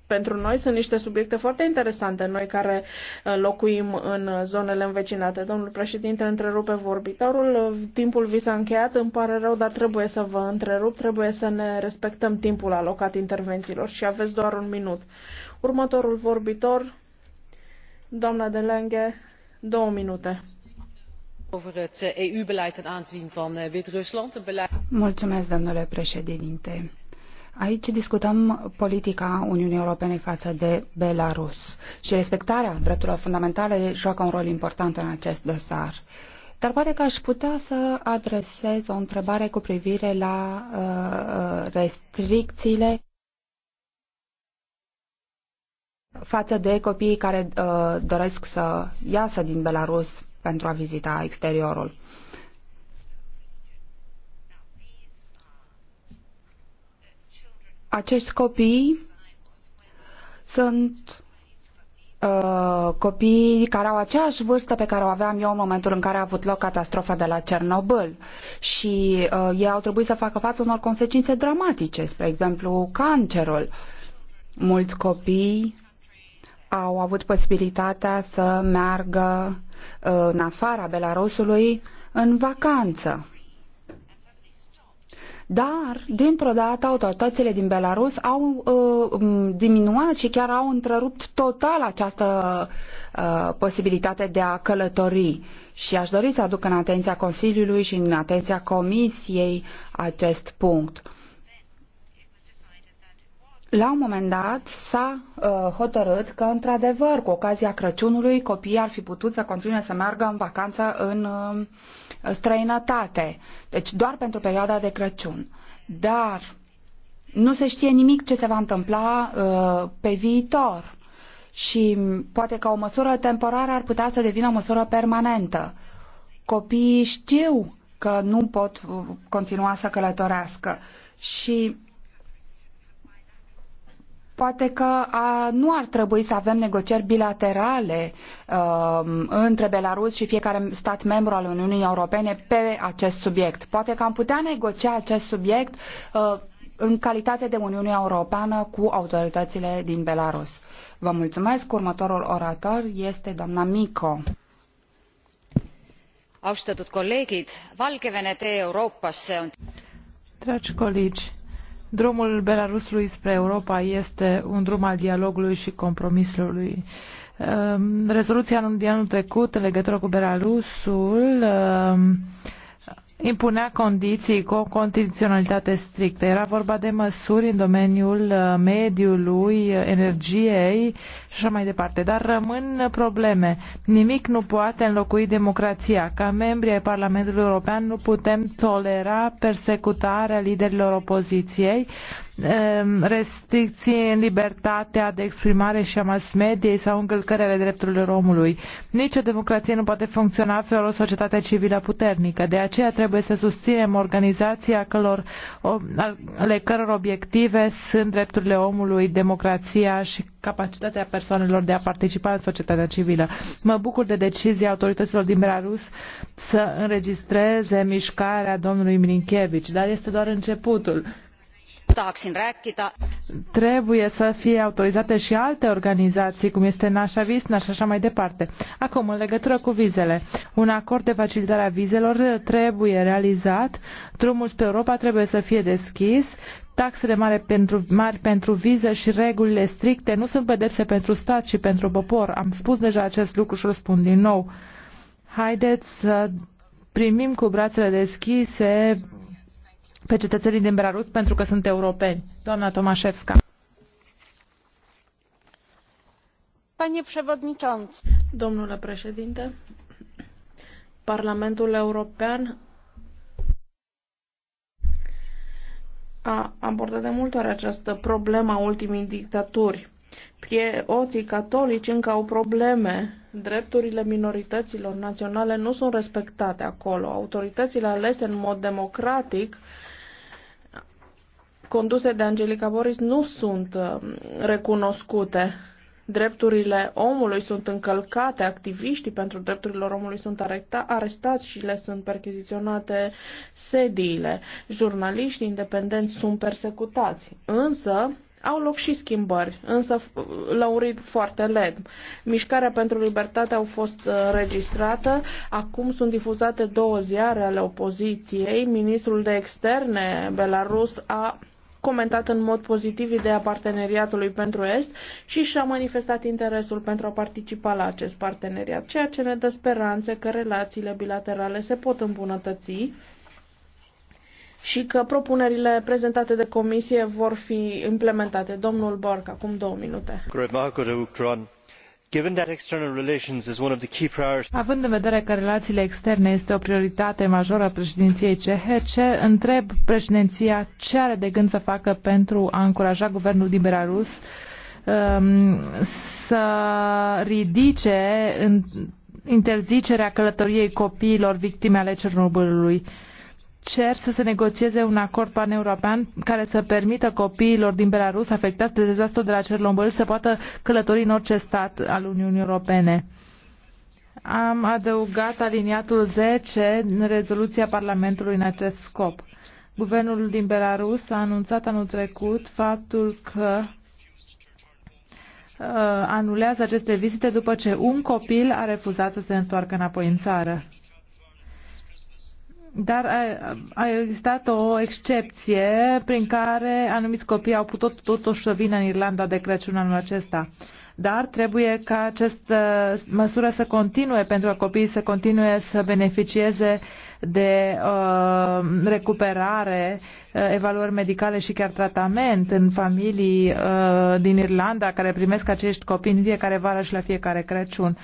pentru noi sunt niște subiecte foarte interesante, noi care uh, locuim în zonele învecinate. Domnul președinte întrerupe vorbitorul, timpul vi s-a încheiat, îmi pare rău, dar trebuie să vă întrerup, trebuie să ne respectăm timpul alocat intervențiilor și aveți doar un minut. Următorul vorbitor, doamna de Lenghe, două minute over het eh, eu beleid ten aanzien van eh, wit rusland. domnule președinte Aici discutăm politica Uniunii Europene față de Belarus și respectarea drepturilor fundamentale joacă un rol important în acest dosar. Dar poate că aș putea să adresez o întrebare cu privire la uh, uh restricțiile față de copiii care uh, doresc să iasă din Belarus pentru a vizita exteriorul. Uh, acești copii sunt uh, copii care au aceeași vârstă pe care o aveam eu în momentul în care a avut loc catastrofa de la Cernobâl și uh, ei au trebuit să facă față unor consecințe dramatice, spre exemplu cancerul. Mulți copii au avut posibilitatea să meargă uh, în afara Belarusului în vacanță dar, dintr-o dată, autoritățile din Belarus au uh, diminuat și chiar au întrerupt total această uh, posibilitate de a călători. Și aș dori să aduc în atenția Consiliului și în atenția Comisiei acest punct la un moment dat s-a uh, hotărât că, într-adevăr, cu ocazia Crăciunului, copiii ar fi putut să continue să meargă în vacanță în uh, străinătate. Deci doar pentru perioada de Crăciun. Dar nu se știe nimic ce se va întâmpla uh, pe viitor. Și poate că o măsură temporară ar putea să devină o măsură permanentă. Copiii știu că nu pot uh, continua să călătorească. Și Poate că a, nu ar trebui să avem negocieri bilaterale um, între Belarus și fiecare stat membru al Uniunii Europene pe acest subiect. Poate că am putea negocia acest subiect uh, în calitate de Uniunea Europeană cu autoritățile din Belarus. Vă mulțumesc. Următorul orator este doamna Mico. Austatud kolleegid, Valgevene tee Euroopasse on... Dragi colegi, Drumul Belarusului spre Europa este un drum al dialogului și compromisului. Ehm, rezoluția anul, de anul trecut în legătură cu Belarusul ehm, impunea condiții cu o condiționalitate strictă. Era vorba de măsuri în domeniul uh, mediului, energiei și așa mai departe. Dar rămân probleme. Nimic nu poate înlocui democrația. Ca membri ai Parlamentului European nu putem tolera persecutarea liderilor opoziției Ehm, restricții în libertatea de exprimare și a mass mediei sau încălcări ale drepturilor omului. Nici o democrație nu poate funcționa fără o societate civilă puternică. De aceea trebuie să susținem organizația călor, ale căror obiective sunt drepturile omului, democrația și capacitatea persoanelor de a participa în societatea civilă. Mă bucur de decizia autorităților din Belarus să înregistreze mișcarea domnului Milinkevici, dar este doar începutul Trebuie să fie autorizate și alte organizații, cum este Nașa Visna și așa mai departe. Acum, în legătură cu vizele, un acord de facilitare a vizelor trebuie realizat, drumul spre Europa trebuie să fie deschis, taxele mari pentru, mari pentru viză și regulile stricte nu sunt pedepse pentru stat, ci pentru popor. Am spus deja acest lucru și îl spun din nou. Haideți să primim cu brațele deschise pe cetățenii din Belarus pentru că sunt europeni. Doamna Tomașevska. Panie Przewodniczący. Domnule președinte, Parlamentul European a abordat de multe ori această problemă a ultimii dictaturi. Prieoții catolici încă au probleme. Drepturile minorităților naționale nu sunt respectate acolo. Autoritățile alese în mod democratic conduse de Angelica Boris nu sunt uh, recunoscute. Drepturile omului sunt încălcate, activiștii pentru drepturile omului sunt arestați și le sunt percheziționate sediile. Jurnaliștii independenți sunt persecutați. Însă, au loc și schimbări, însă la un ritm foarte lent. Mișcarea pentru libertate au fost uh, registrată, acum sunt difuzate două ziare ale opoziției. Ministrul de externe belarus a comentat în mod pozitiv ideea parteneriatului pentru Est și și-a manifestat interesul pentru a participa la acest parteneriat, ceea ce ne dă speranțe că relațiile bilaterale se pot îmbunătăți și că propunerile prezentate de comisie vor fi implementate. Domnul Borc, acum două minute. Având în vedere că relațiile externe este o prioritate majoră a președinției cehe, ce întreb președinția ce are de gând să facă pentru a încuraja guvernul din Belarus um, să ridice interzicerea călătoriei copiilor victime ale Cernobâlului? cer să se negocieze un acord paneuropean care să permită copiilor din Belarus afectați de dezastrul de la Cernobâl să poată călători în orice stat al Uniunii Europene. Am adăugat aliniatul 10 în rezoluția Parlamentului în acest scop. Guvernul din Belarus a anunțat anul trecut faptul că uh, anulează aceste vizite după ce un copil a refuzat să se întoarcă înapoi în țară. Dar a, a existat o excepție prin care anumiți copii au putut totuși să vină în Irlanda de Crăciun anul acesta. Dar trebuie ca această măsură să continue pentru a copiii să continue să beneficieze de uh, recuperare, uh, evaluări medicale și chiar tratament în familii uh, din Irlanda care primesc acești copii în fiecare vară și la fiecare Crăciun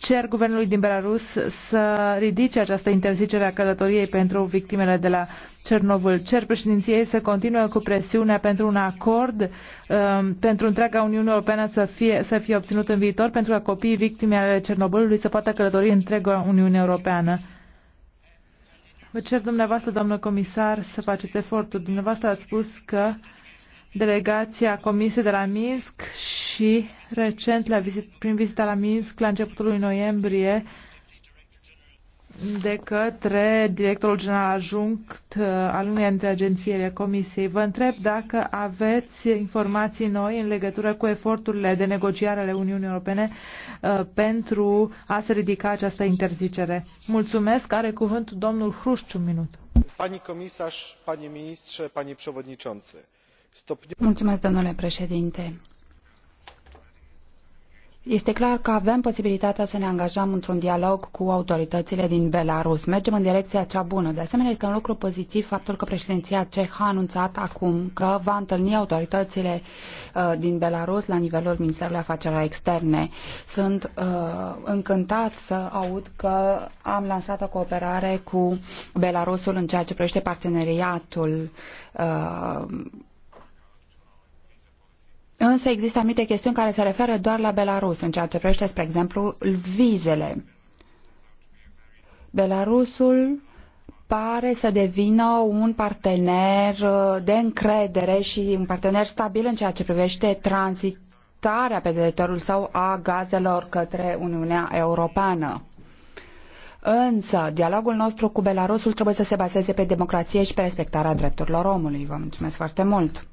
cer guvernului din Belarus să ridice această interzicere a călătoriei pentru victimele de la Cernovul. Cer președinției să continue cu presiunea pentru un acord um, pentru întreaga Uniune Europeană să fie, să fie obținut în viitor pentru ca copiii victime ale Cernobâlului să poată călători întreaga Uniune Europeană. Vă cer dumneavoastră, domnule comisar, să faceți efortul. Dumneavoastră ați spus că uh, delegația Comisiei de la Minsk și recent la vizit, prin vizita la Minsk la începutul lui noiembrie de către directorul general adjunct uh, al unei dintre agențiile Comisiei. Vă întreb dacă aveți informații noi în legătură cu eforturile de negociare ale Uniunii Europene uh, pentru a se ridica această interzicere. Mulțumesc. Are cuvântul domnul Hrușciu un minut. Pani comisar, panie ministrze, panie przewodniczący Mulțumesc, domnule președinte. Este clar că avem posibilitatea să ne angajăm într-un dialog cu autoritățile din Belarus. Mergem în direcția cea bună. De asemenea, este un lucru pozitiv faptul că președinția cehă a anunțat acum că va întâlni autoritățile uh, din Belarus la nivelul Ministerului Afacerilor Externe. Sunt uh, încântat să aud că am lansat o cooperare cu Belarusul în ceea ce privește parteneriatul uh, Însă există anumite chestiuni care se referă doar la Belarus, în ceea ce privește, spre exemplu, vizele. Belarusul pare să devină un partener uh, de încredere și un partener stabil în ceea ce privește tranzitarea pe teritoriul sau a gazelor către Uniunea Europeană. Însă, dialogul nostru cu Belarusul trebuie să se bazeze pe democrație și pe respectarea drepturilor omului. Vă mulțumesc foarte mult!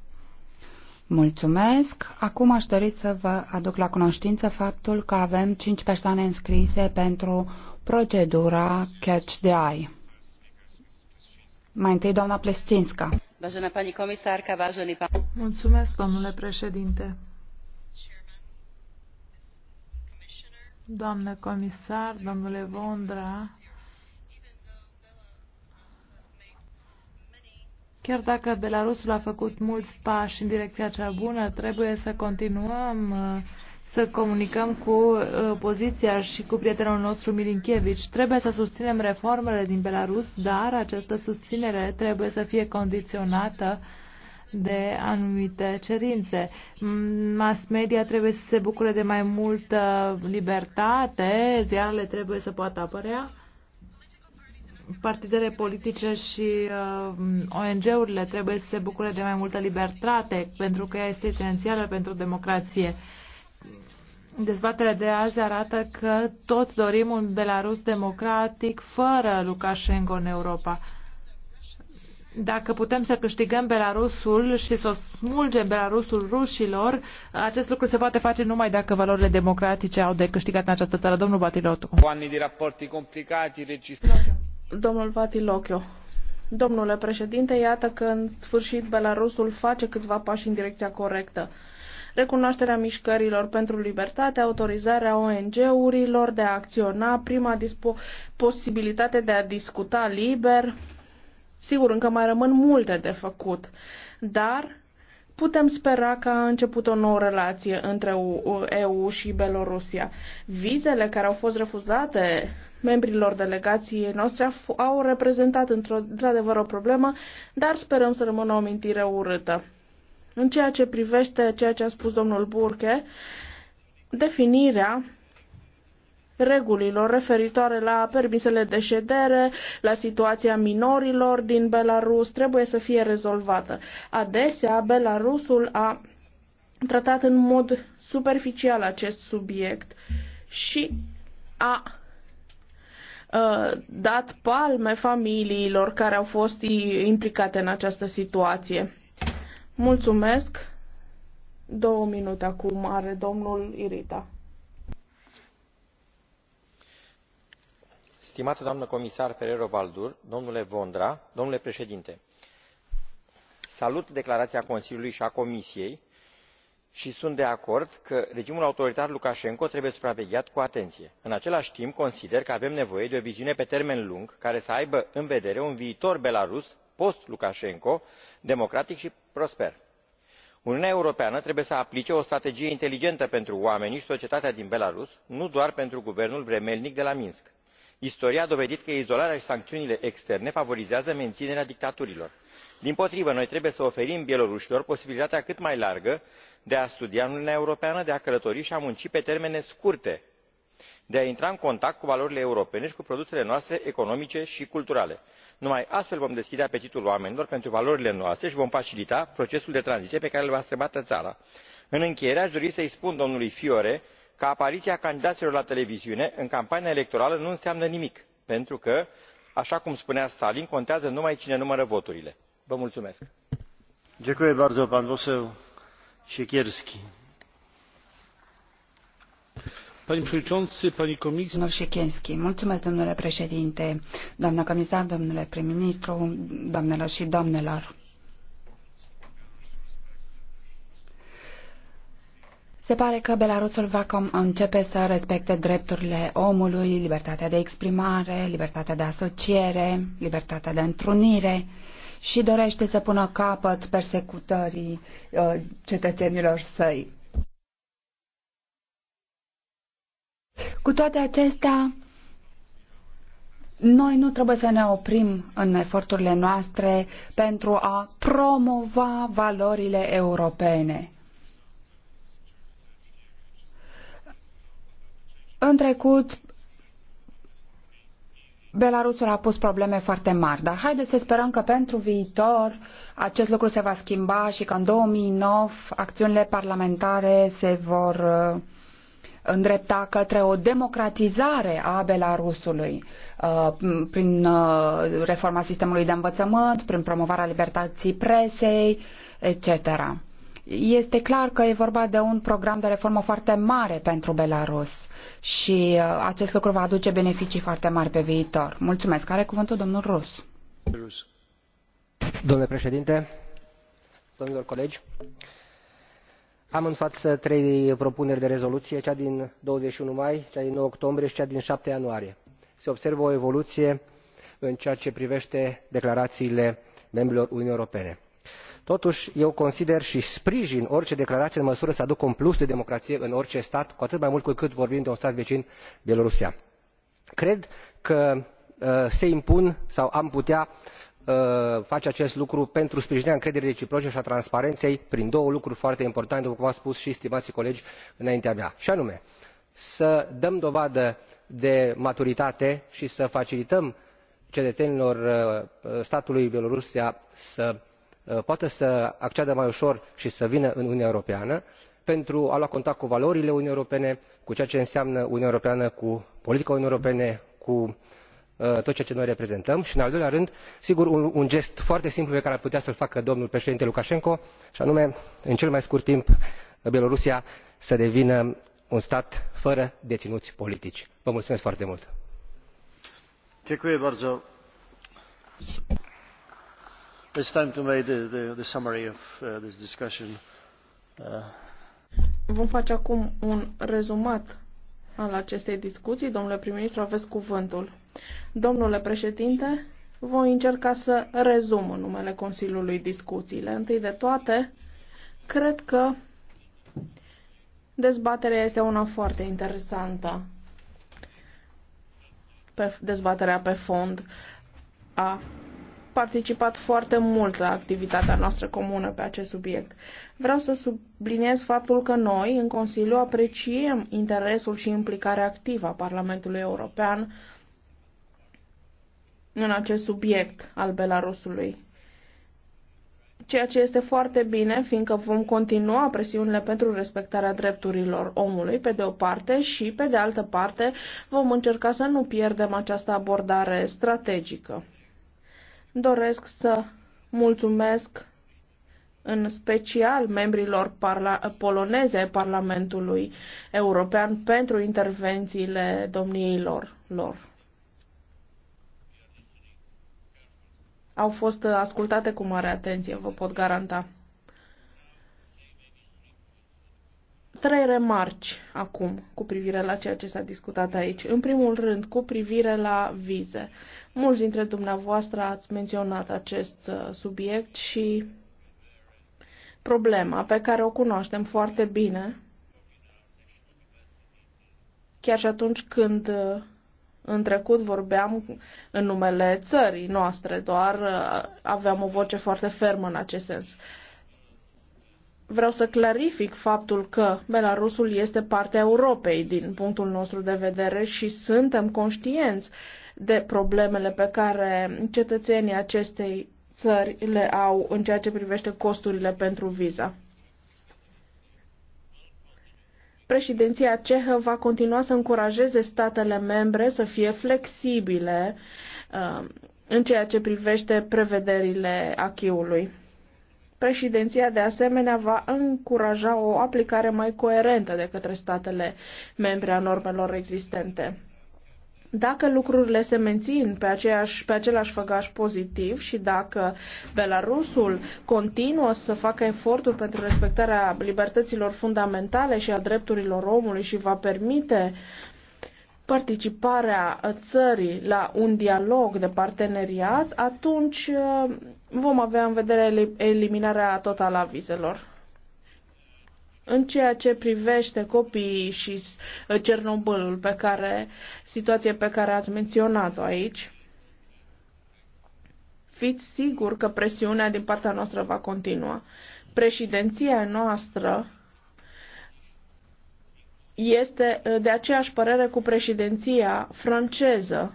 Mulțumesc. Acum aș dori să vă aduc la cunoștință faptul că avem 5 persoane înscrise pentru procedura Catch the Eye. Mai întâi doamna Plestinska. Mulțumesc, domnule președinte. Doamnă comisar, domnule Vondra, Chiar dacă Belarusul a făcut mulți pași în direcția cea bună, trebuie să continuăm uh, să comunicăm cu uh, poziția și cu prietenul nostru Milinkievici. Trebuie să susținem reformele din Belarus, dar această susținere trebuie să fie condiționată de anumite cerințe. Mm, mass media trebuie să se bucure de mai multă libertate, ziarele trebuie să poată apărea partidele politice și uh, ONG-urile trebuie să se bucure de mai multă libertate, pentru că ea este esențială pentru democrație. Dezbaterea de azi arată că toți dorim un Belarus democratic fără Lukashenko în Europa. Dacă putem să câștigăm Belarusul și să smulgem Belarusul rușilor, acest lucru se poate face numai dacă valorile democratice au de câștigat în această țară. Domnul Batilotu. Cu ani de raporti complicati, registrat. Domnul Vatilochio. Domnule președinte, iată că în sfârșit Belarusul face câțiva pași în direcția corectă. Recunoașterea mișcărilor pentru libertate, autorizarea ONG-urilor de a acționa, prima posibilitate de a discuta liber. Sigur, încă mai rămân multe de făcut, dar putem spera că a început o nouă relație între EU și Belorusia. Vizele care au fost refuzate membrilor delegației noastre au reprezentat într-adevăr o problemă, dar sperăm să rămână o mintire urâtă. În ceea ce privește ceea ce a spus domnul Burke, definirea regulilor referitoare la permisele de ședere, la situația minorilor din Belarus, trebuie să fie rezolvată. Adesea, Belarusul a tratat în mod superficial acest subiect și a Uh, dat palme familiilor care au fost implicate în această situație. Mulțumesc. Două minute acum are domnul Irita. Stimată doamnă comisar Ferrero Valdur, domnule Vondra, domnule președinte, salut declarația Consiliului și a Comisiei și sunt de acord că regimul autoritar lukașenko trebuie supravegheat cu atenție. în același timp consider că avem nevoie de o viziune pe termen lung care să aibă în vedere un viitor belarus post lukașenko democratic și prosper. uniunea europeană trebuie să aplice o strategie inteligentă pentru oamenii și societatea din belarus nu doar pentru guvernul vremelnic de la minsk. istoria a dovedit că izolarea și sancțiunile externe favorizează menținerea dictaturilor. dimpotrivă noi trebuie să oferim bielorușilor posibilitatea cât mai largă de a studia în uniunea europeană de a călători și a munci pe termene scurte de a intra în contact cu valorile europene și cu produsele noastre economice și culturale. numai astfel vom deschide apetitul oamenilor pentru valorile noastre și vom facilita procesul de tranziție pe care îl va străbate țara. în încheiere aș dori să i spun domnului fiore că apariția candidaților la televiziune în campania electorală nu înseamnă nimic pentru că așa cum spunea stalin contează numai cine numără voturile. vă mulțumesc domnule președinte doamnă comisar domnule prim ministru doamnelor și domnilor se pare că belarusul va începe să respecte drepturile omului libertatea de exprimare libertatea de asociere libertatea de întrunire și și dorește să pună capăt persecutării uh, cetățenilor săi. Cu toate acestea, noi nu trebuie să ne oprim în eforturile noastre pentru a promova valorile europene. În trecut, Belarusul a pus probleme foarte mari, dar haideți să sperăm că pentru viitor acest lucru se va schimba și că în 2009 acțiunile parlamentare se vor uh, îndrepta către o democratizare a Belarusului uh, prin uh, reforma sistemului de învățământ, prin promovarea libertății presei, etc. Este clar că e vorba de un program de reformă foarte mare pentru Belarus și uh, acest lucru va aduce beneficii foarte mari pe viitor. Mulțumesc. Are cuvântul domnul Rus. Domnule președinte, domnilor colegi, am în față trei propuneri de rezoluție, cea din 21 mai, cea din 9 octombrie și cea din 7 ianuarie. Se observă o evoluție în ceea ce privește declarațiile membrilor Uniunii Europene totuși eu consider și sprijin orice declarație în măsură să aducă un plus de democrație în orice stat cu atât mai mult cu cât vorbim de un stat vecin bielorusia. cred că uh, se impun sau am putea uh, face acest lucru pentru sprijinirea încrederii reciproce și a transparenței prin două lucruri foarte importante după cum au spus și stimaii colegi înaintea mea și anume să dăm dovadă de maturitate și să facilităm cetățenilor uh, statului bielorusia să Uh, poată să acceadă mai ușor și să vină în uniunea europeană pentru a lua contact cu valorile uniunii europene cu ceea ce înseamnă uniunea europeană cu politica uniunii europene cu uh, tot ceea ce noi reprezentăm și în al doilea rând sigur un gest foarte simplu pe care ar putea să l facă domnul președinte lukașenko și anume în cel mai scurt timp bielorusia să devină un stat fără deținuți politici. vă mulțumesc foarte mult. It's time to make the, the, the summary of uh, this discussion. Uh... Vom face acum un rezumat al acestei discuții. Domnule prim-ministru, aveți cuvântul. Domnule președinte, voi încerca să rezum în numele Consiliului discuțiile. Întâi de toate, cred că dezbaterea este una foarte interesantă. Pe dezbaterea pe fond a participat foarte mult la activitatea noastră comună pe acest subiect. Vreau să subliniez faptul că noi, în Consiliu, apreciem interesul și implicarea activă a Parlamentului European în acest subiect al Belarusului ceea ce este foarte bine, fiindcă vom continua presiunile pentru respectarea drepturilor omului, pe de o parte, și, pe de altă parte, vom încerca să nu pierdem această abordare strategică. Doresc să mulțumesc în special membrilor parla- poloneze ai Parlamentului European pentru intervențiile domniilor lor. Au fost ascultate cu mare atenție, vă pot garanta. Trei remarci acum cu privire la ceea ce s-a discutat aici. În primul rând, cu privire la vize. Mulți dintre dumneavoastră ați menționat acest uh, subiect și problema pe care o cunoaștem foarte bine, chiar și atunci când uh, în trecut vorbeam în numele țării noastre, doar uh, aveam o voce foarte fermă în acest sens vreau să clarific faptul că Belarusul este partea Europei din punctul nostru de vedere și suntem conștienți de problemele pe care cetățenii acestei țări le au în ceea ce privește costurile pentru viza. Președinția cehă va continua să încurajeze statele membre să fie flexibile uh, în ceea ce privește prevederile achiului. Președinția de asemenea va încuraja o aplicare mai coerentă de către statele membre a normelor existente. Dacă lucrurile se mențin pe, aceeași, pe același făgaș pozitiv și dacă Belarusul continuă să facă eforturi pentru respectarea libertăților fundamentale și a drepturilor omului și va permite participarea țării la un dialog de parteneriat, atunci vom avea în vedere eliminarea totală a vizelor. În ceea ce privește copiii și uh, Cernobâlul, pe care, situație pe care ați menționat-o aici, fiți sigur că presiunea din partea noastră va continua. Președinția noastră este uh, de aceeași părere cu președinția franceză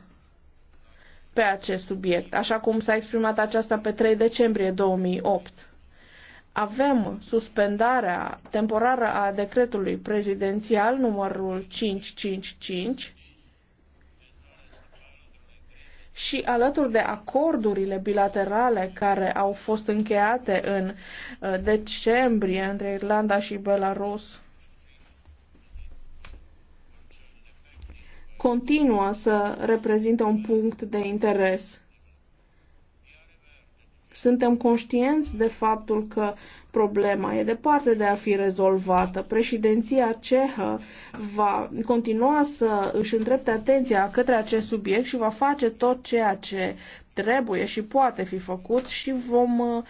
pe acest subiect, așa cum s-a exprimat aceasta pe 3 decembrie 2008. Avem suspendarea temporară a decretului prezidențial numărul 555 și alături de acordurile bilaterale care au fost încheiate în uh, decembrie între Irlanda și Belarus continuă să reprezinte un punct de interes. Suntem conștienți de faptul că problema e departe de a fi rezolvată. Președinția cehă va continua să își îndrepte atenția către acest subiect și va face tot ceea ce trebuie și poate fi făcut și vom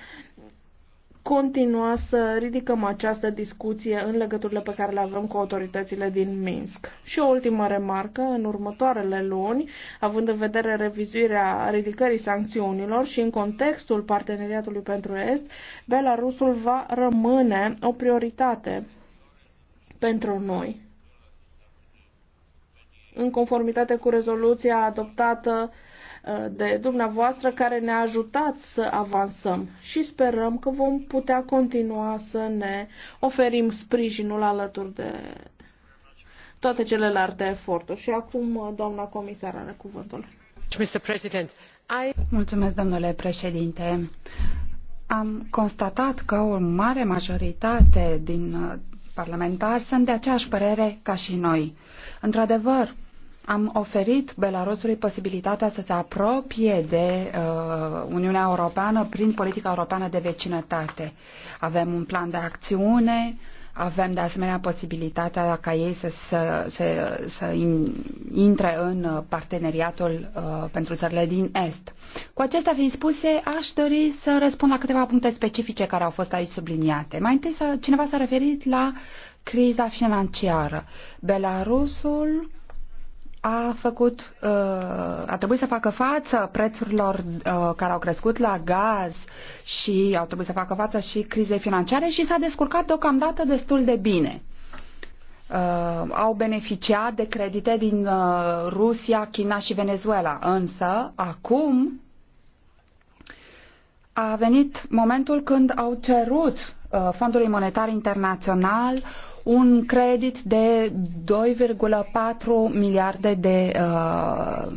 continua să ridicăm această discuție în legăturile pe care le avem cu autoritățile din Minsk. Și o ultimă remarcă, în următoarele luni, având în vedere revizuirea ridicării sancțiunilor și în contextul parteneriatului pentru Est, Belarusul va rămâne o prioritate pentru noi. În conformitate cu rezoluția adoptată Uh, de dumneavoastră care ne-a ajutat să avansăm și sperăm că vom putea continua să ne oferim sprijinul alături de toate celelalte eforturi. Și acum uh, doamna comisar are cuvântul. Mulțumesc, domnule președinte. Am constatat că o mare majoritate din uh, parlamentari sunt de aceeași părere ca și noi. Într-adevăr, am oferit Belarusului posibilitatea să se apropie de uh, Uniunea Europeană prin politica europeană de vecinătate. Avem un plan de acțiune, avem de asemenea posibilitatea ca ei să, să, să, să in, intre în uh, parteneriatul uh, pentru țările din Est. Cu acestea fiind spuse, aș dori să răspund la câteva puncte specifice care au fost aici subliniate. Mai întâi, să, cineva s-a referit la criza financiară. Belarusul a făcut, uh, a trebuit să facă față prețurilor uh, care au crescut la gaz și au trebuit să facă față și crizei financiare și s-a descurcat deocamdată destul de bine. Uh, au beneficiat de credite din Rusia, China și Venezuela, însă acum a venit momentul când au cerut Fondului Monetar Internațional un credit de 2,4 miliarde de uh,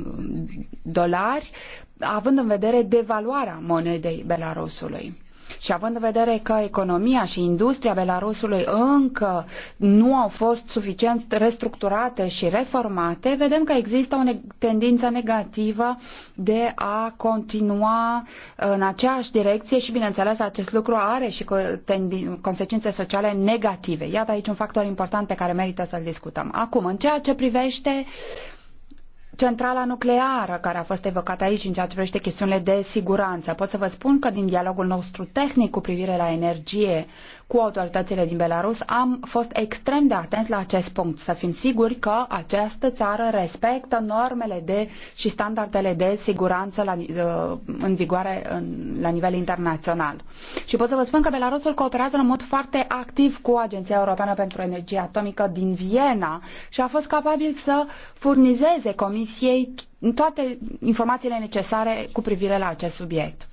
dolari, având în vedere devaluarea monedei Belarusului. Și având în vedere că economia și industria Belarusului încă nu au fost suficient restructurate și reformate, vedem că există o ne- tendință negativă de a continua în aceeași direcție și, bineînțeles, acest lucru are și consecințe sociale negative. Iată aici un factor important pe care merită să-l discutăm. Acum, în ceea ce privește uh, centrala nucleară care a fost evocată aici în ceea ce privește chestiunile de siguranță. Pot să vă spun că din dialogul nostru tehnic cu privire la energie cu autoritățile din Belarus am fost extrem de atenți la acest punct, să fim siguri că această țară respectă normele de și standardele de siguranță la, uh, în vigoare în, la nivel internațional. Și pot să vă spun că Belarusul cooperează în mod foarte activ cu Agenția Europeană pentru Energie Atomică din Viena și a fost capabil să furnizeze comisii Comisiei toate informațiile necesare cu privire la acest subiect.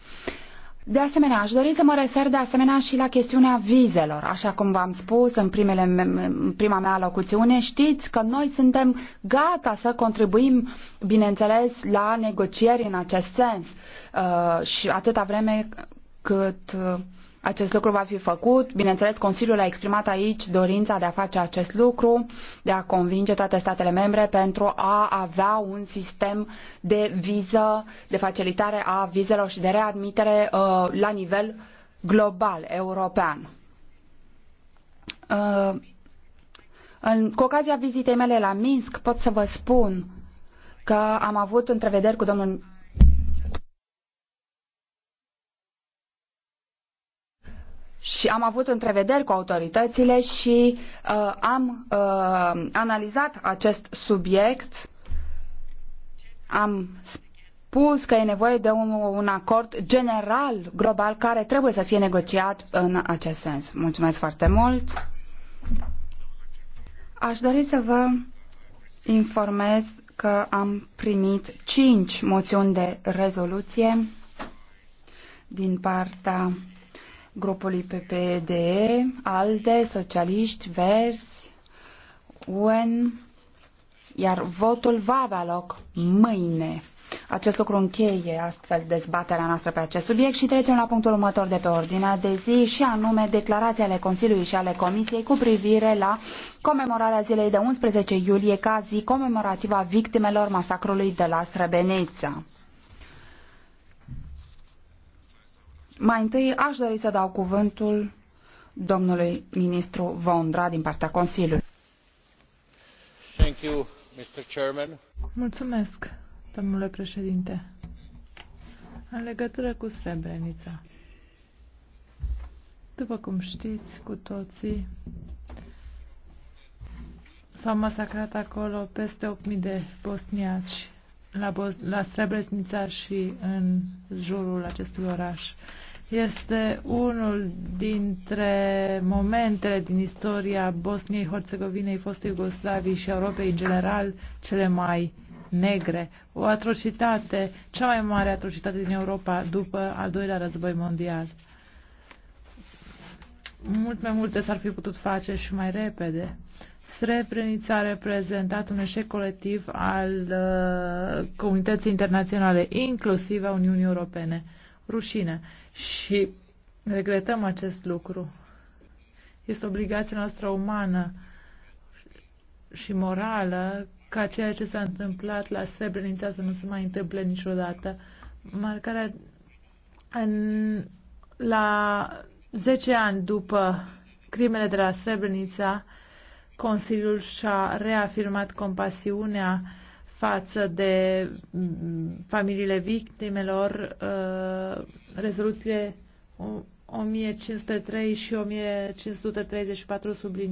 De asemenea, aș dori să mă refer de asemenea și la chestiunea vizelor. Așa cum v-am spus în, primele, în prima mea locuțiune, știți că noi suntem gata să contribuim, bineînțeles, la negocieri în acest sens. Uh, și atâta vreme cât uh, acest lucru va fi făcut. Bineînțeles, Consiliul a exprimat aici dorința de a face acest lucru, de a convinge toate statele membre pentru a avea un sistem de viză, de facilitare a vizelor și de readmitere uh, la nivel global, european. Uh, în, cu ocazia vizitei mele la Minsk pot să vă spun că am avut întrevederi cu domnul și am avut întrevederi cu autoritățile și uh, am uh, analizat acest subiect. Am spus că e nevoie de un, un acord general, global, care trebuie să fie negociat în acest sens. Mulțumesc foarte mult. Aș dori să vă informez că am primit cinci moțiuni de rezoluție din partea grupului PPDE, ALDE, Socialiști, Verzi, UN, iar votul va avea loc mâine. Acest lucru încheie astfel dezbaterea noastră pe acest subiect și trecem la punctul următor de pe ordinea de zi și anume declarația ale Consiliului și ale Comisiei cu privire la comemorarea zilei de 11 iulie ca zi comemorativă a victimelor masacrului de la Srebrenica. Mai întâi aș dori să dau cuvântul domnului ministru Vondra din partea Consiliului. Thank you, Mr. Chairman. Mulțumesc, domnule președinte. În legătură cu Srebrenica, după cum știți cu toții, s-au masacrat acolo peste 8.000 de bosniaci la, Bos- la Srebrenica și în jurul acestui oraș. Este unul dintre momentele din istoria Bosniei, Herzegovinei, fostei Iugoslavii și Europei în general cele mai negre. O atrocitate, cea mai mare atrocitate din Europa după al doilea război mondial. Mult mai multe s-ar fi putut face și mai repede. Srebrenica a reprezentat un eșec colectiv al uh, comunității internaționale, inclusiv a Uniunii Europene rușine și regretăm acest lucru. Este obligația noastră umană și morală ca ceea ce s-a întâmplat la Srebrenica să nu se mai întâmple niciodată. Marcarea în, la 10 ani după crimele de la Srebrenica, Consiliul și-a reafirmat compasiunea față de mm, familiile victimelor, uh, rezoluție 1503 și 1534 sublinie.